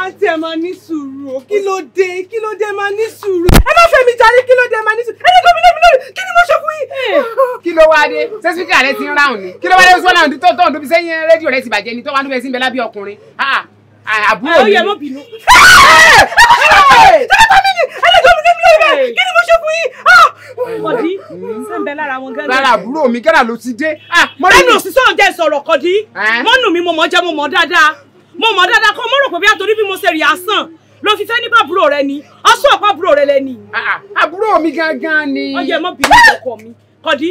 àǹtí ẹ máa ní sùúrù o kí ló dé kí ló dé máa ní sùúrù ẹ má fẹ́ mi jáde kí ló dé máa ní sùúrù ẹ ní gómìnà mi lórí kí ni mo ṣe fún yín. Eh. kí ló wáá dé sẹ́sífíkà rẹ ti ń ráùn ni kí ló wáá dé sọ́nà tó tó tó fi sẹ́yìn rédíò rẹ ti bàjẹ́ ni tó wá níbẹ̀ sí ń bẹ lábẹ́ ọkùnrin àbúrò mi. ọyọ mọ bínú. tẹ́lẹ̀tọ́ mi ni ẹlẹ́jọ́ mi ní mi lórí rẹ̀ kí ni mo ṣe fún yín. kọ̀dí sẹ́ńbẹ̀ lára wọn gángan. lára àbúrò mi gánà ló ti dé. ẹnu òṣìṣẹ́ ọ̀jẹ̀ sọ̀rọ̀ kọ̀dí mọ́nù mi mo mọ̀ jẹ́ mo mọ̀ dáadáa mo mọ̀ dáadáa kọ́ mo rò pé bí àtòrí bí mo ṣe rí àsàn ló fi fẹ́ ní bàbúrò rẹ ni ọ̀ṣọ́ àbúrò rẹ lẹ ni. àbúrò mi gángan ni. ọyọ mọ bínú ọkọ mi kọ̀dí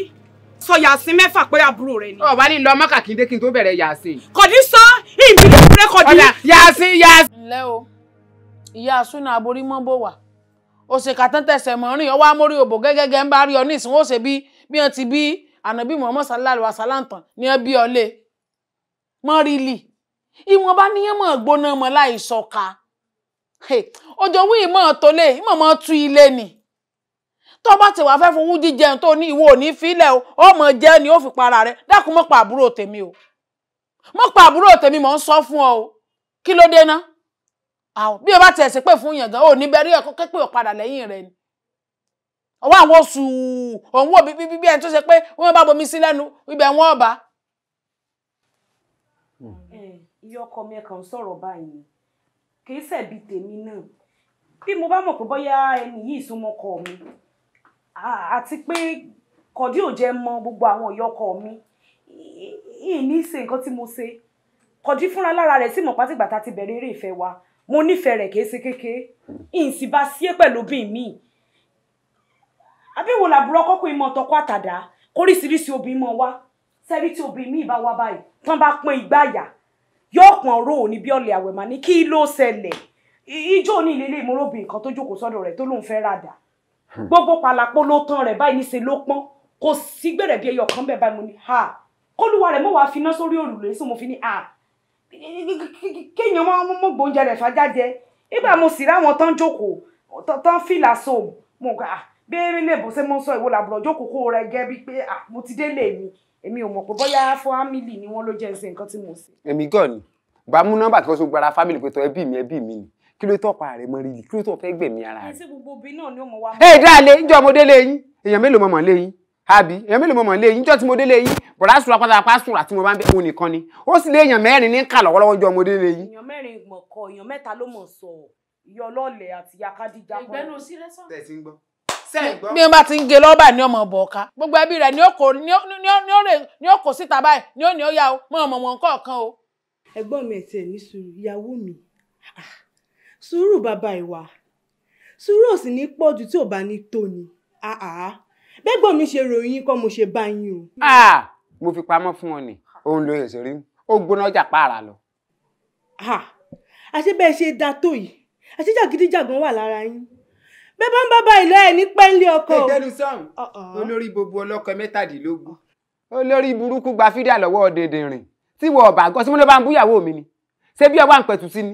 sọ yàsín mẹ́fà pé àbúrò rẹ ni. ọba ní lọ mọ́kàkíndé kí n tó bẹ̀rẹ̀ yàsín. kọ̀dí sọ ìbílẹ̀ ìbúrẹ́ kọ̀dí. ọ̀dà yàsín yàsín. ǹlẹ́ o ìyá súnà aborí mọ́ bò wá òṣèkà tán tẹsẹ̀ mọ́ rìn ọwọ́ amórí òbò gẹ́gẹ́gẹ́ ń bá rí ọ ní ìsìn ó ṣe bí bí wọn ti bí ànábì Muhammad sallallahu alaihi wasallam ní wọn bí ọ lé mọ́rìlì ìwọ̀nba níyẹn mọ̀ gbóná mọ́ láì sọ̀ka ọjọ́ wí ìmọ̀ tó lé ìmọ̀ mọ́ tú ilé ni tó bá ti wà fẹ́ fún jíjẹun tó ní ìwọ òní fílẹ̀ o ó mọ̀ jẹ́ ni ó fi para rẹ̀ dákun mọ́ pa àbúrò tèmi o mọ́ pa àbúrò tèmi mọ́ ń sọ fún ọ o kí ló dé ná àwọn bí o bá tẹ̀ sí pé fún yàn gan ò ní bẹ́ẹ̀ rí ẹ̀kọ́ kékeré ọ̀padà lẹ́yìn rẹ ni ọwọ́ àwọn oṣù òun wò bí bí bí ẹni tó ṣe pé wọ́n bá bomi sí lẹ́nu ibẹ̀ wọ́n ọba. iye ọkọ mi ẹ̀kan ń sọ̀rọ̀ báyìí kì í ṣẹ̀bi tèmi náà bí mo bá mọ̀ pé bóyá ẹni yìí súnmọ́ ọkọ mi àti pé kọ̀dí ò jẹ́ mọ gbogbo àwọn ìyọkọ mi yìí ní í ṣe nǹkan tí mo ṣe kọ̀dí fúnra lára rẹ̀ sí mọ̀pá tìgbà tá a ti bẹ̀rẹ̀ eré ìfẹ́ wa mo nífẹ̀ẹ́ rẹ̀ kìí ṣe kékeré yìí sì bá sí é pẹ̀lú bí mi àbí wo làbúrò kọ́kọ́ ìmọ̀ tọkọ àtàdá kóríṣiríṣi obìnrin mọ̀ wá sẹ́rí tí obìnrin míì bá wá báyìí tán bá pọn ìgbà àyà yóò pọn ró òní bí ọ̀lẹ̀ àwẹ̀má ní kí ló ṣẹlẹ̀ ijó ní ilé ilé ìmúròbìn kan tó jókòó sọ́dọ̀ rẹ̀ tó lóun fẹ́ ràdà Hmm. gbogbo pàlàpọ̀ ló tán rẹ̀ báyìí níṣe ló pọ́n kò sí gbèrè bí ẹyọ kan bẹ̀ báyìí mo ní ha kólúwa rẹ̀ mọ̀ wá finá sórí òrùlé sí mo fi ní ha kéèyàn mọ̀ gbóúnjẹ rẹ̀ fàjájẹ nígbà mo sì ráwọn tán jókòó tán fìlà sóòmù mo gbà ah, béèrè lè bó ṣe mo ń sọ ìwọ làbúrò jókòó kó rẹ gẹ bí pé ah, mo ti délé mi èmi ò mọ̀ pé bóyá fámìlì ni wọ́n ló jẹ́ ṣe nǹkan tí mo ṣe. èmi gan ni gbàmú nọ́mbà kí wọ́n ṣe gbára fámìlì pé tọ ẹbí mi ẹbí mi ni kí ló tọ́ pa rẹ̀ mọ́ rírì kí ló tọ́ fẹ́ gbẹ̀mí ara rẹ̀. ẹsẹ gbogbo obìnrin náà ni ó mọ wá. ẹ dáa lé njọ mo délé yín èèyàn mélòó mo mọ̀ lé yín àbí èèyàn mélòó mo mọ̀ lé yín njọ tí mo délé yín bọ̀dá sùn apátápá sùn àti mo bá ń bẹ òun nìkan ni ó sì lé èèyàn mẹ́rin ní kà lọ́wọ́lọ́wọ́ njọ mo délé yín. èèyàn mẹ́rin mọ̀kọ èèyàn mẹ́ta ló mọ̀ sọ ìyọ lọ́ọ̀lẹ̀ àti yakadija kọ́. ìgbẹ́nu sí rẹ́sán. tẹ̀ sí bá ti ń ge lọ́ọ́bà ni ọmọ ọ̀bọ̀ ọ̀ka gbogbo ẹbí rẹ̀ ni ó kó síta báyìí ni ó ní ó yá o mọ ọmọ wọn kọ̀ọ̀kan o. ẹ̀gbọ́n mi ẹ̀sẹ̀ ní sùúrù ìyàwó mi ah, sùúrù bàbá ìwà sùúrù ò sì ní pọ̀ jù tí ò bá ní tó ni bẹ́gbọ́n mi ṣe ròyìn kọ́ mo ṣe bá yín o. mo fi pamọ́ fún ọ ni òun ló ṣe rí ó gbóná jà pààrà lọ. àṣé bẹ́ẹ̀ ṣe da tó yìí àṣé jàgídíjàgan wà lára yín bẹ́ẹ̀ bá ń bàbá ìlú ẹ̀ ní pẹ́ńlí ọkọ. ẹ dẹnu sọrùn olórí gbogbo ọlọ́kọ mẹ́tàdínlógún. olórí burúkú gba fídíà lọ́wọ́ dèdèrìn tí wọ́n ọ̀bà gọ́sí mo ló bá ń búyàwó mi ni ṣé bí ọwọ́ à ń pẹ̀tù sí ni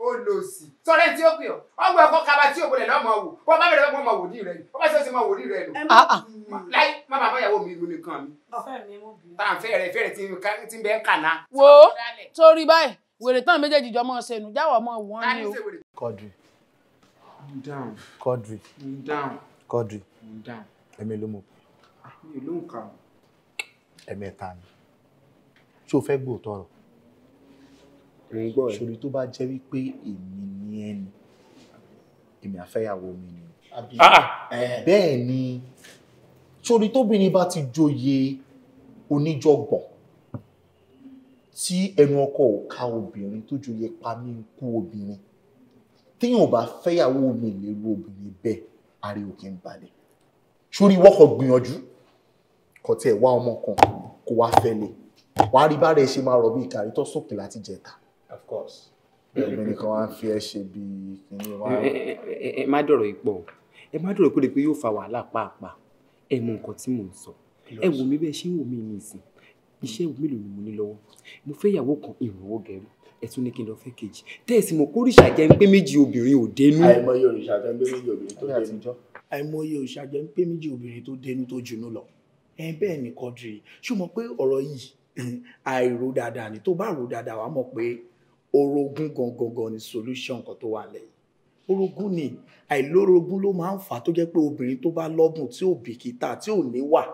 ó lò sí. sọ̀rọ̀ tí ó pè ọ́ ọgbà ẹ̀kọ́ kaba tí òbólẹ̀ lọ́mọ wò wọ́n bá bẹ̀rẹ̀ lọ́mọ wò ní rẹ̀ ni wọ́n bá ṣe ṣe mọ wò ní rẹ̀ lò. láì má bàa bá ìyàwó mi ìlú nìkan mi. tá à ń fẹ́ rẹ̀ fẹ́ rẹ̀ tí ń bẹ́ ń kàná. wo torí báyìí wèrè tán méjèèjì jọmọ sẹnu jáwọ mọ wọn ni o. Quadri Quadri Quadri èmi ló mọ. èmi ah, ló ń kà. ẹ̀mẹ̀ta ni ṣé o fẹ́ gbóòótọ́ rọ̀ sori tó bá jẹ́ wípé èmi ni ẹni èmi àfẹ́yàwó mi ni ah, ah. bẹ́ẹ̀ ni sori tóbìnrin bá ti joyè oníjọ̀gbọ̀n tí ẹnu ọkọ ò ka obìnrin tó joyè pa mí ń kú obìnrin téèyàn ò bá fẹ́yàwó mi lérú obìnrin bẹ́ẹ̀ ariwo kì í balẹ̀ sórí wọ́kọ̀ gbìyànjú kò tiẹ̀ wá ọmọ kan kó wá fẹ́ wàá rí bá rẹ̀ ṣe máa rọ̀ bí ìkàrí tó sókè láti jẹta course. ẹ̀mí nìkan wá ń fi ẹ́ ṣe bí kìnìún wá. ẹ má dọ̀rọ̀ ipò ẹ má dọ̀rọ̀ ìpele pé yóò fa wàhálà pàápàá ẹ mọ nǹkan tí mò ń sọ ẹ wò mí bẹ́ẹ̀ ṣé wò mí ní ìsìn iṣẹ́ ìwé mélòó ni mo ní lọ́wọ́ mo fẹ́ ìyàwó kan ìrànwọ́ gẹ̀rú ẹ tún ní kí n lọ fẹ́ kejì tẹ́ẹ̀sì mọ̀ kó òrìṣà jẹ́ ń pé méjì obìnrin ò dénú. àìmọye òrìṣà jẹ́ ń pé méjì obìnrin tó dénú. àìmọye òrìṣà jẹ́ ń pé méjì obìnrin tó dénú tó lọ ẹ bẹ́ẹ̀ ni Quadri ṣó mọ̀ pé ọ̀rọ̀ yìí àìrò dáadáa ni tó bá rò dáadáa wàá mọ̀ pé orogún gangan ni solution kan tó wà lẹ́yìn orogún ni àìlórogún ló máa ń fà á tó jẹ́ pé obìnrin tó bá lọ́gùn tí ò bìkítà tí ò níwà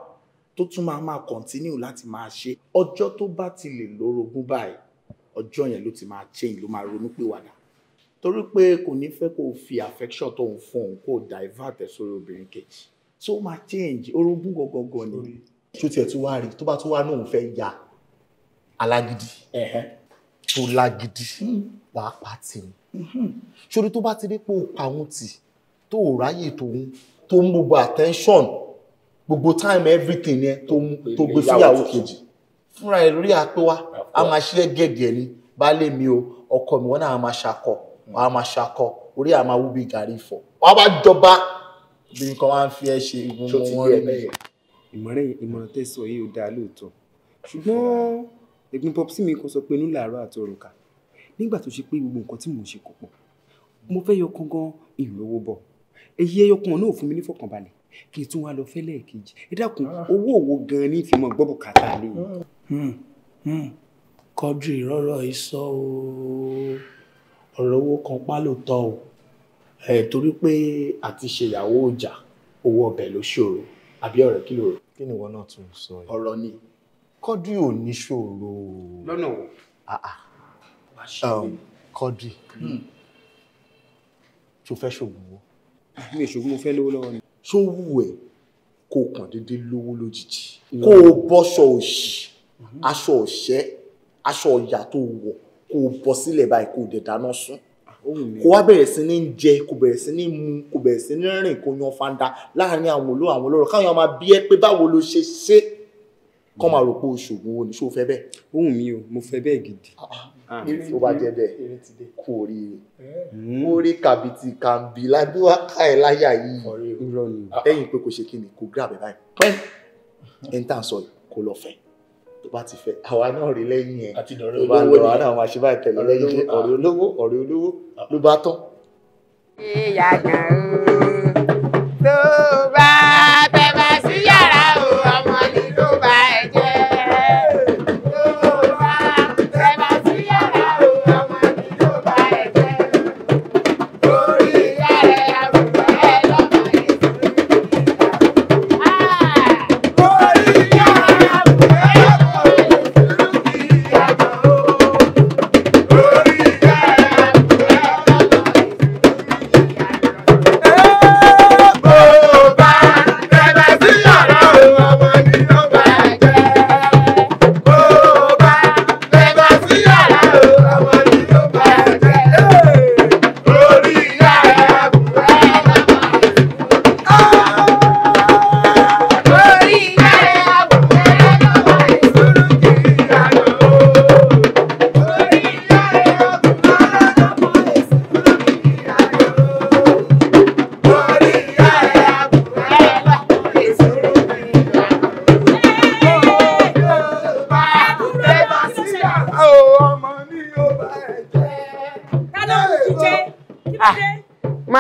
tó tún máa máa continue láti máa ṣe ọjọ́ tó bá ti lè lórogún báyìí ọjọ́ yẹn ló ti máa change ló máa ronú pìwàdà torí pé kò ní fẹ́ kó fi affection tó ń fún òun kó divert ẹ̀ sórí obìnrin kejì tó máa change orogún gangan ni. tó tiẹ̀ tún wá rí tó bá tún wá náà òun fẹ́ ya alágídí tó lágídí wàá pa tìun mm-hmm. ṣorí tó bá ti rí pé o pa òun tì tó o ráyè tòun tó ń gbogbo attention gbogbo time everything yẹn tó mú tó gbé fúyàwó kejì fúnra ẹ rí apé wa a máa ṣiṣẹ́ gẹ̀gẹ̀ ni baálé mi o ọkọ mi wọn náà a máa ṣakọ mm. a máa ṣakọ orí a máa wú bí gàrí fọ wọn bá jọba bí nǹkan wá ń fi ẹ ṣe ìgbìmọ̀ wọn rí ìmọ̀ràn tẹ̀sán yìí ò dáa lóòótọ́ ṣùgbọ́n ẹ̀gbọ́n pọ́pùsì mi kan sọ pé inú làárọ̀ àti òrùka nígbà tó ṣe pé gbogbo nǹkan tí mò ń ṣe kò pọ̀ mo fẹ́ yọ kangan ìlówó bọ̀ èyí ẹyọ kan náà fún mi nífọ̀kànbalẹ̀ kí n tún wá lọ fẹ́lẹ̀ kejì ẹ dákun owó òwò gan ní ìfimọ̀ gbọ́ bùkátà lé hmm, hmm. kọjú ìrọ́rọ̀ ìsọ ọ̀rọ̀ owó kan pálò o ẹ̀ torí pé àti ṣèyàwó ọjà owó ọbẹ̀ ló ṣòro àbí ọ̀rẹ́ kí ló rò. kí ni ìwọ náà tún sọ ọ̀rọ̀ ni kọ́dí ò níṣòro. lọ́nà wo. kọ́dí ah, ah. um, tó hmm. fẹ́ ṣògùn owó. mi ò ṣògùn mo fẹ́ lówó lọ́wọ́ ni. ṣó wù ẹ́ kó o kàn déédéé lówó lójijì hmm. kó o bọ́ṣọ òṣì hmm. aṣọ ọ̀ṣẹ́ aṣọ ọ̀yà tó wọ̀ kó o bọ́ sílẹ̀ báyìí kó o dẹ̀ dáná sùn ah, kó wá bẹ̀rẹ̀ sí ní jẹ kó bẹ̀rẹ̀ sí ní mu kó bẹ̀rẹ̀ sí ní rìn kó yan fanda láàrin àwọn olówó àwọn olóró káwọn máa bí ẹ pé báwo ló ṣe ṣe kọ́ máa rò pé oṣoògùn owó ni ṣó fẹ́ bẹ́ẹ̀. ohun mi o mo fẹ́ bẹ́ẹ̀ gidi. tó bá jẹ bẹ́ẹ̀ kú oríire hmm. orí kàbìtì kàǹbì ládùúgbà ká ẹ láyà yìí ah, lẹ́yìn pé kò ṣe kí ni kò gbé àbẹ̀ báyìí pẹ́ ẹ̀ sọ kò lọ fẹ́ tó bá ti fẹ́ àwa náà rí lẹ́yìn ẹ̀ tó bá lọ àdá àwọn àṣìbá ìtẹ̀lẹ́ lẹ́yìn ọ̀rẹ́ olówó ọ̀rẹ́ olówó ah. ló bá tán. ìyá kan tó bá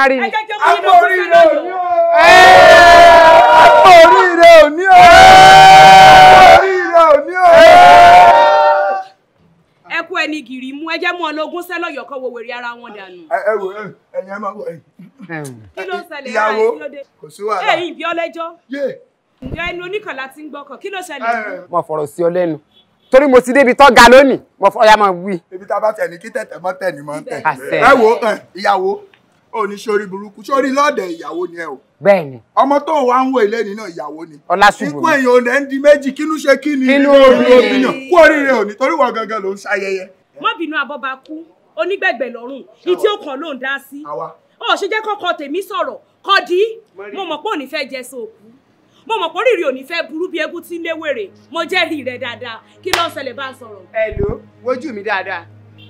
rí ni. àpò eh! oríire òní o. àpò eh! oríire òní o. àpò oríire òní o. ẹ kú ẹni gìrì mú ẹ jẹ́ mú ọlọ́gún sẹ́lọ̀yọ̀ kọ́ wo wèrè ara wọn dànù. ẹ wo ẹyin ẹ máa wọ ẹyin. kí ló ń ṣẹlẹ̀ ẹ̀ kí ló dé. kò sí wàhálà. ẹyin eh, ìbí ọlẹ́jọ́. ǹjẹ́ ẹnu oníkànlá ti ń gbọ́kàn kí ló ṣẹlẹ̀. mo fọ̀rọ̀ sí ọ lẹ́nu torí mo ti débi tó ga lónìí mo fọ ọyá máa wí. ibi tá a bá tẹ̀ ní kí tẹ̀tẹ̀ mọ́ tẹ̀ ní mọ́ tẹ̀. ẹ wo ìyàwó ó ní sórí burúkú sórí lọ́dẹ̀ ìyàwó ni ẹ o. bẹ́ẹ̀ni. ọmọ tó wà ń wò ilé ni náà ìyàwó ni. ọlásùbùrù ikú èèyàn ò lẹ́ ń di méjì kínú ṣe kí ni. kínú oríire kú oríire ò ní torí wọ́n gangan ló ń ṣayẹyẹ. má bínú abọ́ba kú onígbẹ̀gbẹ̀ lọ́rùn ìtí ó kàn ló ń dá sí. ó ṣe jẹ́ kọ́kọ́ tèmi sọ̀rọ̀ kọ́ di mo mọ̀ pé òní fẹ́ jẹ sóòkù mo mọ̀ pé rírì òní fẹ́ burú bí egún tí léwèrè mo jẹ́rìí rẹ̀ dáadáa kí ló ń ṣẹlẹ̀ bá ń sọ̀rọ̀. ẹ ló wojú mi dáadáa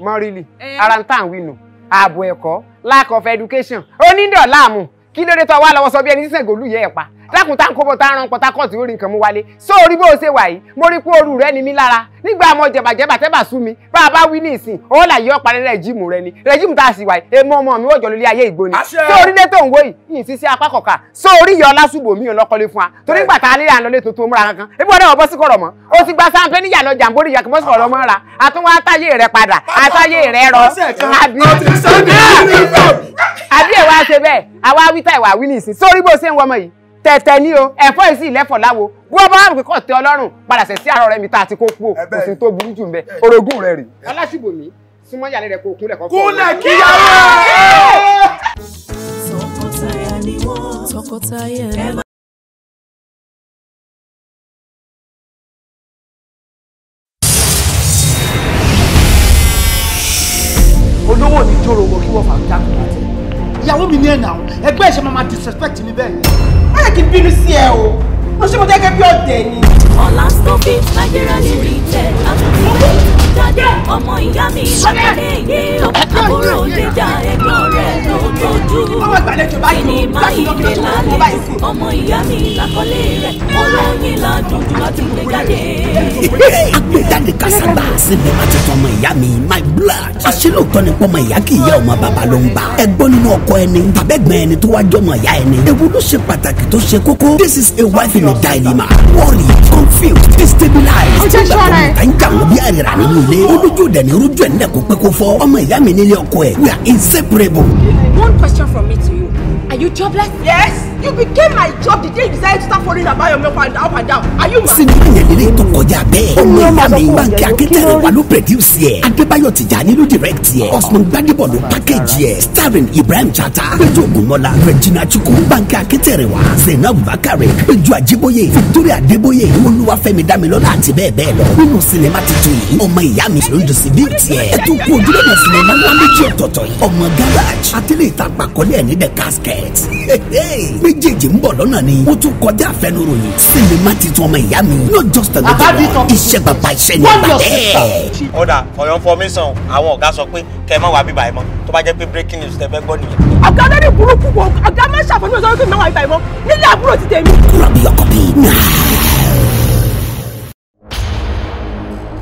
mọ́rílì eh. ara ń tàn wí nù ààbò ẹ̀kọ́ lack of education onídọ̀ọ́ láàmú kí ló dé tó wá lọ́wọ́ sọ bí ẹni sísẹ̀ gòlù yẹ ẹ̀ pa dákun tá n kóbọ tá n ran pọtakọt orí nǹkan mú wálé só orí bó o ṣe wà yìí mo rí pé oru rẹ ni mí lára nígbà mo jẹbàjẹbà tẹ́bà sú mi bá a bá wí ní ìsìn ó là yọ parí rẹ́jìmù rẹ ni rẹ́jìmù tá a sì wà yìí èmi ọmọ mi wọ́jọ́ lórí ayé ìgbóni só orí dé tó ń wó yìí yìí sí sí apá kọ̀ọ̀ka só orí yọ lásùbò mi ò lọ́kọ́lé fún wa torí nígbà tá a lé àlọ́lé tuntun múra kankan ebi ọ̀dọ́ wọn bọ́ sí kọ̀rọ̀ mọ́ o ti gba sáńpẹ́ níyà lọ tẹ̀tẹ̀ ní o ẹ̀fọ́ yìí sì lẹ́fọ̀ láwo bí wọ́n bá wà pípọ̀ tẹ ọlọ́run padà sẹ̀ sí àárọ̀ rẹ mi tá a ti kó kú o kò sí tó burú jù ń bẹ orogún rẹ rè. aláṣubòmí súnmọ́ yàrá rẹ kó kúnlẹ̀ kọ́kọ́. kúnlẹ̀ kíyàwó. tọkọtaya ni wọ́n tọkọtaya ni wọ́n. olówó ní jòrò wọ kí wọ́n fà jákòó láti ìyàwó mi ni ẹ̀ náà ẹgbẹ́ ìṣe máa disrespect mi bẹ́ẹ̀ yẹn. má yẹ kí n bínú sí ẹ o mo ṣe mo jẹ́ gẹ́gẹ́ bí ọ̀dẹ̀ ni. ọ̀la stofin nàìjíríà ní rí tẹ̀ àtúntò jáde ọmọ ìyá mi lọ́kàdé yìí àbúrò jíjà ẹ̀gbọ́n rẹ̀ ló tójú. kí ni máyìíde lálẹ́ ọmọ ìyá mi làkọ́lé rẹ̀ olóyin ládùúgbò láti gbé jáde. agbèjáde káságbá síbi láti tọmọ ìyá mi my blood. aṣílòótọ́ ni pọ́mọ ìyá kì í yá ọmọ bàbá ló ń bá. ẹ̀gbọ́n nínú ọkọ ẹni tàbẹ́gbẹ́ ẹni tó wájọ́ ọmọ ìyá ẹni. ewu ló ṣe pàtàkì tó ṣe kókó. this is a wife in a dilemma. worry confused destabilized. ọjọ́ ṣọ́ra ẹ̀. ìgbà tó ń ta ń jà wọ́n bí àrẹ̀rà nínú lé olójú dẹ̀ rújú ẹ̀ nílẹ̀ kó pé kó fọ́ ọmọ ìyá mi nílé ọkọ ẹ̀ we are inseparable. one question from me to you are you jobless. yes. You became my job the day you decided to start falling about your milk and up and down. Are you mad? Sinimu yẹn lè tó kọjá bẹ́ẹ̀. Ọmọ ìyá mi Bánkì Akíntayọ̀ wà ló pẹ̀díùsì ẹ̀. Adébáyọ̀ Tìjàní ló dìrẹ́kìtì ẹ̀. Osman Gbadebo ló pákéjì ẹ̀. Starring Ibrahim Chata, Péjú Ògúnmọ́lá, Regina Chukwu, Bánkì Akíntayọ̀, Zainab Bakare, Péjú Ajíbóyè, Victoria Adébóyè, Olúwafẹ́mi Dámilọ́lá àti bẹ́ẹ̀ bẹ́ẹ̀ lọ. Nínú sinimá tuntun yìí, ọmọ ìyá mi ló ń dùn sí bíìtì ẹ̀. Ẹ tún kú ojúlọ́nà sinimá ńlá méjì ọ̀tọ̀ọ̀tọ̀ yìí. Ọmọ garage, atẹ́lẹ̀ ìtàpàkọ́lẹ̀ ní the casket méjèèjì ń bọ̀ lọ́nà ni ó tún kọjá àfẹnuròyìn sinimá titun ọmọ ìyá mi not just another one iṣẹ́ bàbá iṣẹ́ ní ìbàdẹ́. ọ̀dà for your information àwọn ọ̀gá sọ pé kẹ́ ẹ má wá bíbá ẹ mọ́ tó bá jẹ́ pé breaking news tẹ fẹ́ gbọ́ nìyẹn. ọ̀gá lórí burúkú wọ ọ̀gá má ṣàfọ̀sọ́ sọ́dọ̀ kí n má wá bíbá ẹ mọ́ nílé àbúrò ti tẹ̀mí. rọ̀bì ọkọ̀ bíi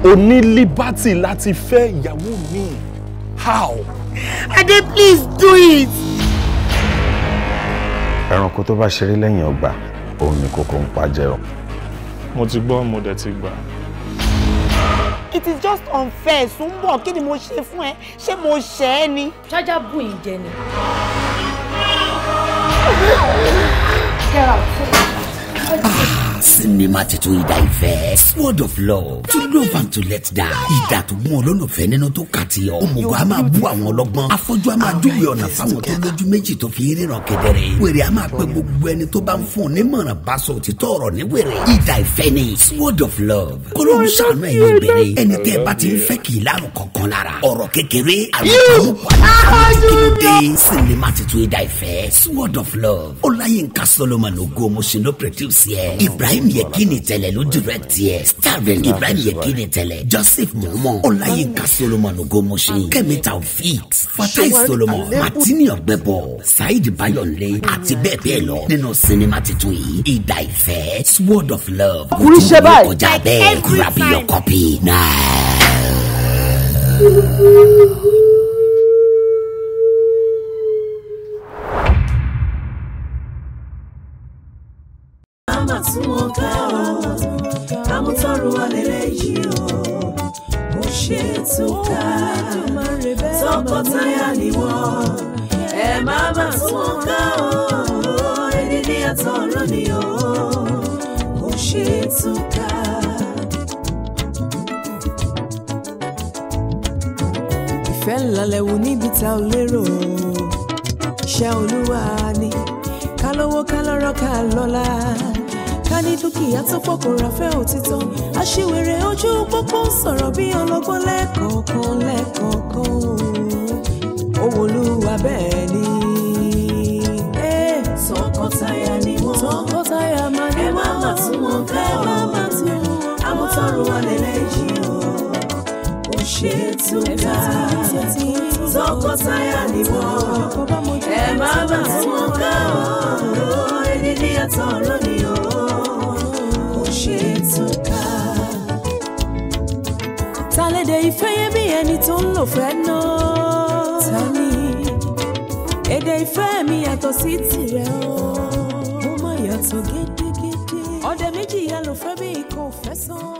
o ní liberty láti fẹ́ ìyàwó mi how. Ade please do it ẹranko tó bá ṣeré lẹ́yìn ọgbà òun ni kókó ń pa jẹun. mo ti gbọ́ mo dẹ̀ ti gbà. it is just unfair Sùnbọ̀ kí ni mo ṣe fún ẹ ṣé mo ṣẹ̀ ẹ́ ni. ṣájà bù ìjẹ ni. get out sinimá titun Diverse Word of Love To Love and To Let down. ìdà tó mú ọlọ́nàfẹ́ nínú tó kà ti yọ òmùgọ̀ a máa bú àwọn ọlọ́gbọ́n afọ́jú a máa dúwe ọ̀nà fáwọn tó lójú méjì tó fi ríran kedere wèrè a máa pe gbogbo ẹni tó bá ń fún un ní mọ̀ràn bá sọ òtítọ́ ní wèrè ìdà ìfẹ́ ni Word of Love kọ́lọ́mù sànú ẹ̀yìn obìnrin ẹni tẹ́ ẹ bá ti ń fẹ́ kì í lárùn kankan lára ọ̀rọ̀ kékeré àrùn sinimá titun Word of Love Ọláyínká Solomon ogun omoṣin ló pẹ̀tù sí ẹ Ibrahim ibrahim yekini tẹlẹ ló direct yẹ starring ibrahim yekini tẹlẹ joseph mọmọ ọláyínká solomon ogomoṣe kẹmi taofik fatai solomon martini ọgbẹbọ saheed bayonle àti bẹ́ẹ̀ bẹ́ẹ̀ lọ nínú sinimá titun yìí ìdá ìfẹ́ sword of love kúrú ṣe báyìí kọjá bẹ́ẹ̀ grab your copy now. sún ọ̀gá o àmútọ́rù wà lélẹ́yìí o mo ṣe túká tọkọtaya ni wọ́n ẹ má má sún ọ̀gá ẹni ní àtọ̀rọ̀ ni o mo ṣe túká. ìfẹ́ ńlá lẹ́wù níbi tá ò lérò iṣẹ́ olúwa ni ká lówó ká lọ́rọ̀ ká lọ́lá ní dúkìá tó pọ̀ kò ráfẹ́ òtítọ́ aṣiwèrè ojú pópó sọ̀rọ̀ bí ọlọ́gbọ́n lẹ́ẹ̀kọ̀ọ̀kan lẹ́ẹ̀kọ̀ọ̀kan òwòlúwa bẹ́ẹ̀ ni. tọkọtaya ni wọ́n tọkọtaya máa ní wọ́n ẹ má má tún wọn ká ẹ má má tún wọn amútọrùn wà lẹ́lẹ́jì o kò ṣe tún ká tọkọtaya ni wọ́n ẹ má má tún wọn ká o ẹni ní ẹ̀tọ́ lónìí ṣe tún ká. Tàlédè ìfẹ́ yé bí ẹni tó ń lò fẹ́ náà. Tani èdè ìfẹ́ mi yàtọ̀ sí tirẹ̀ o. Mo máa yàtọ̀ gédégédé. Ọdẹ méjì yà ló fẹ́ bí ikọ̀ òfẹ́ sàn.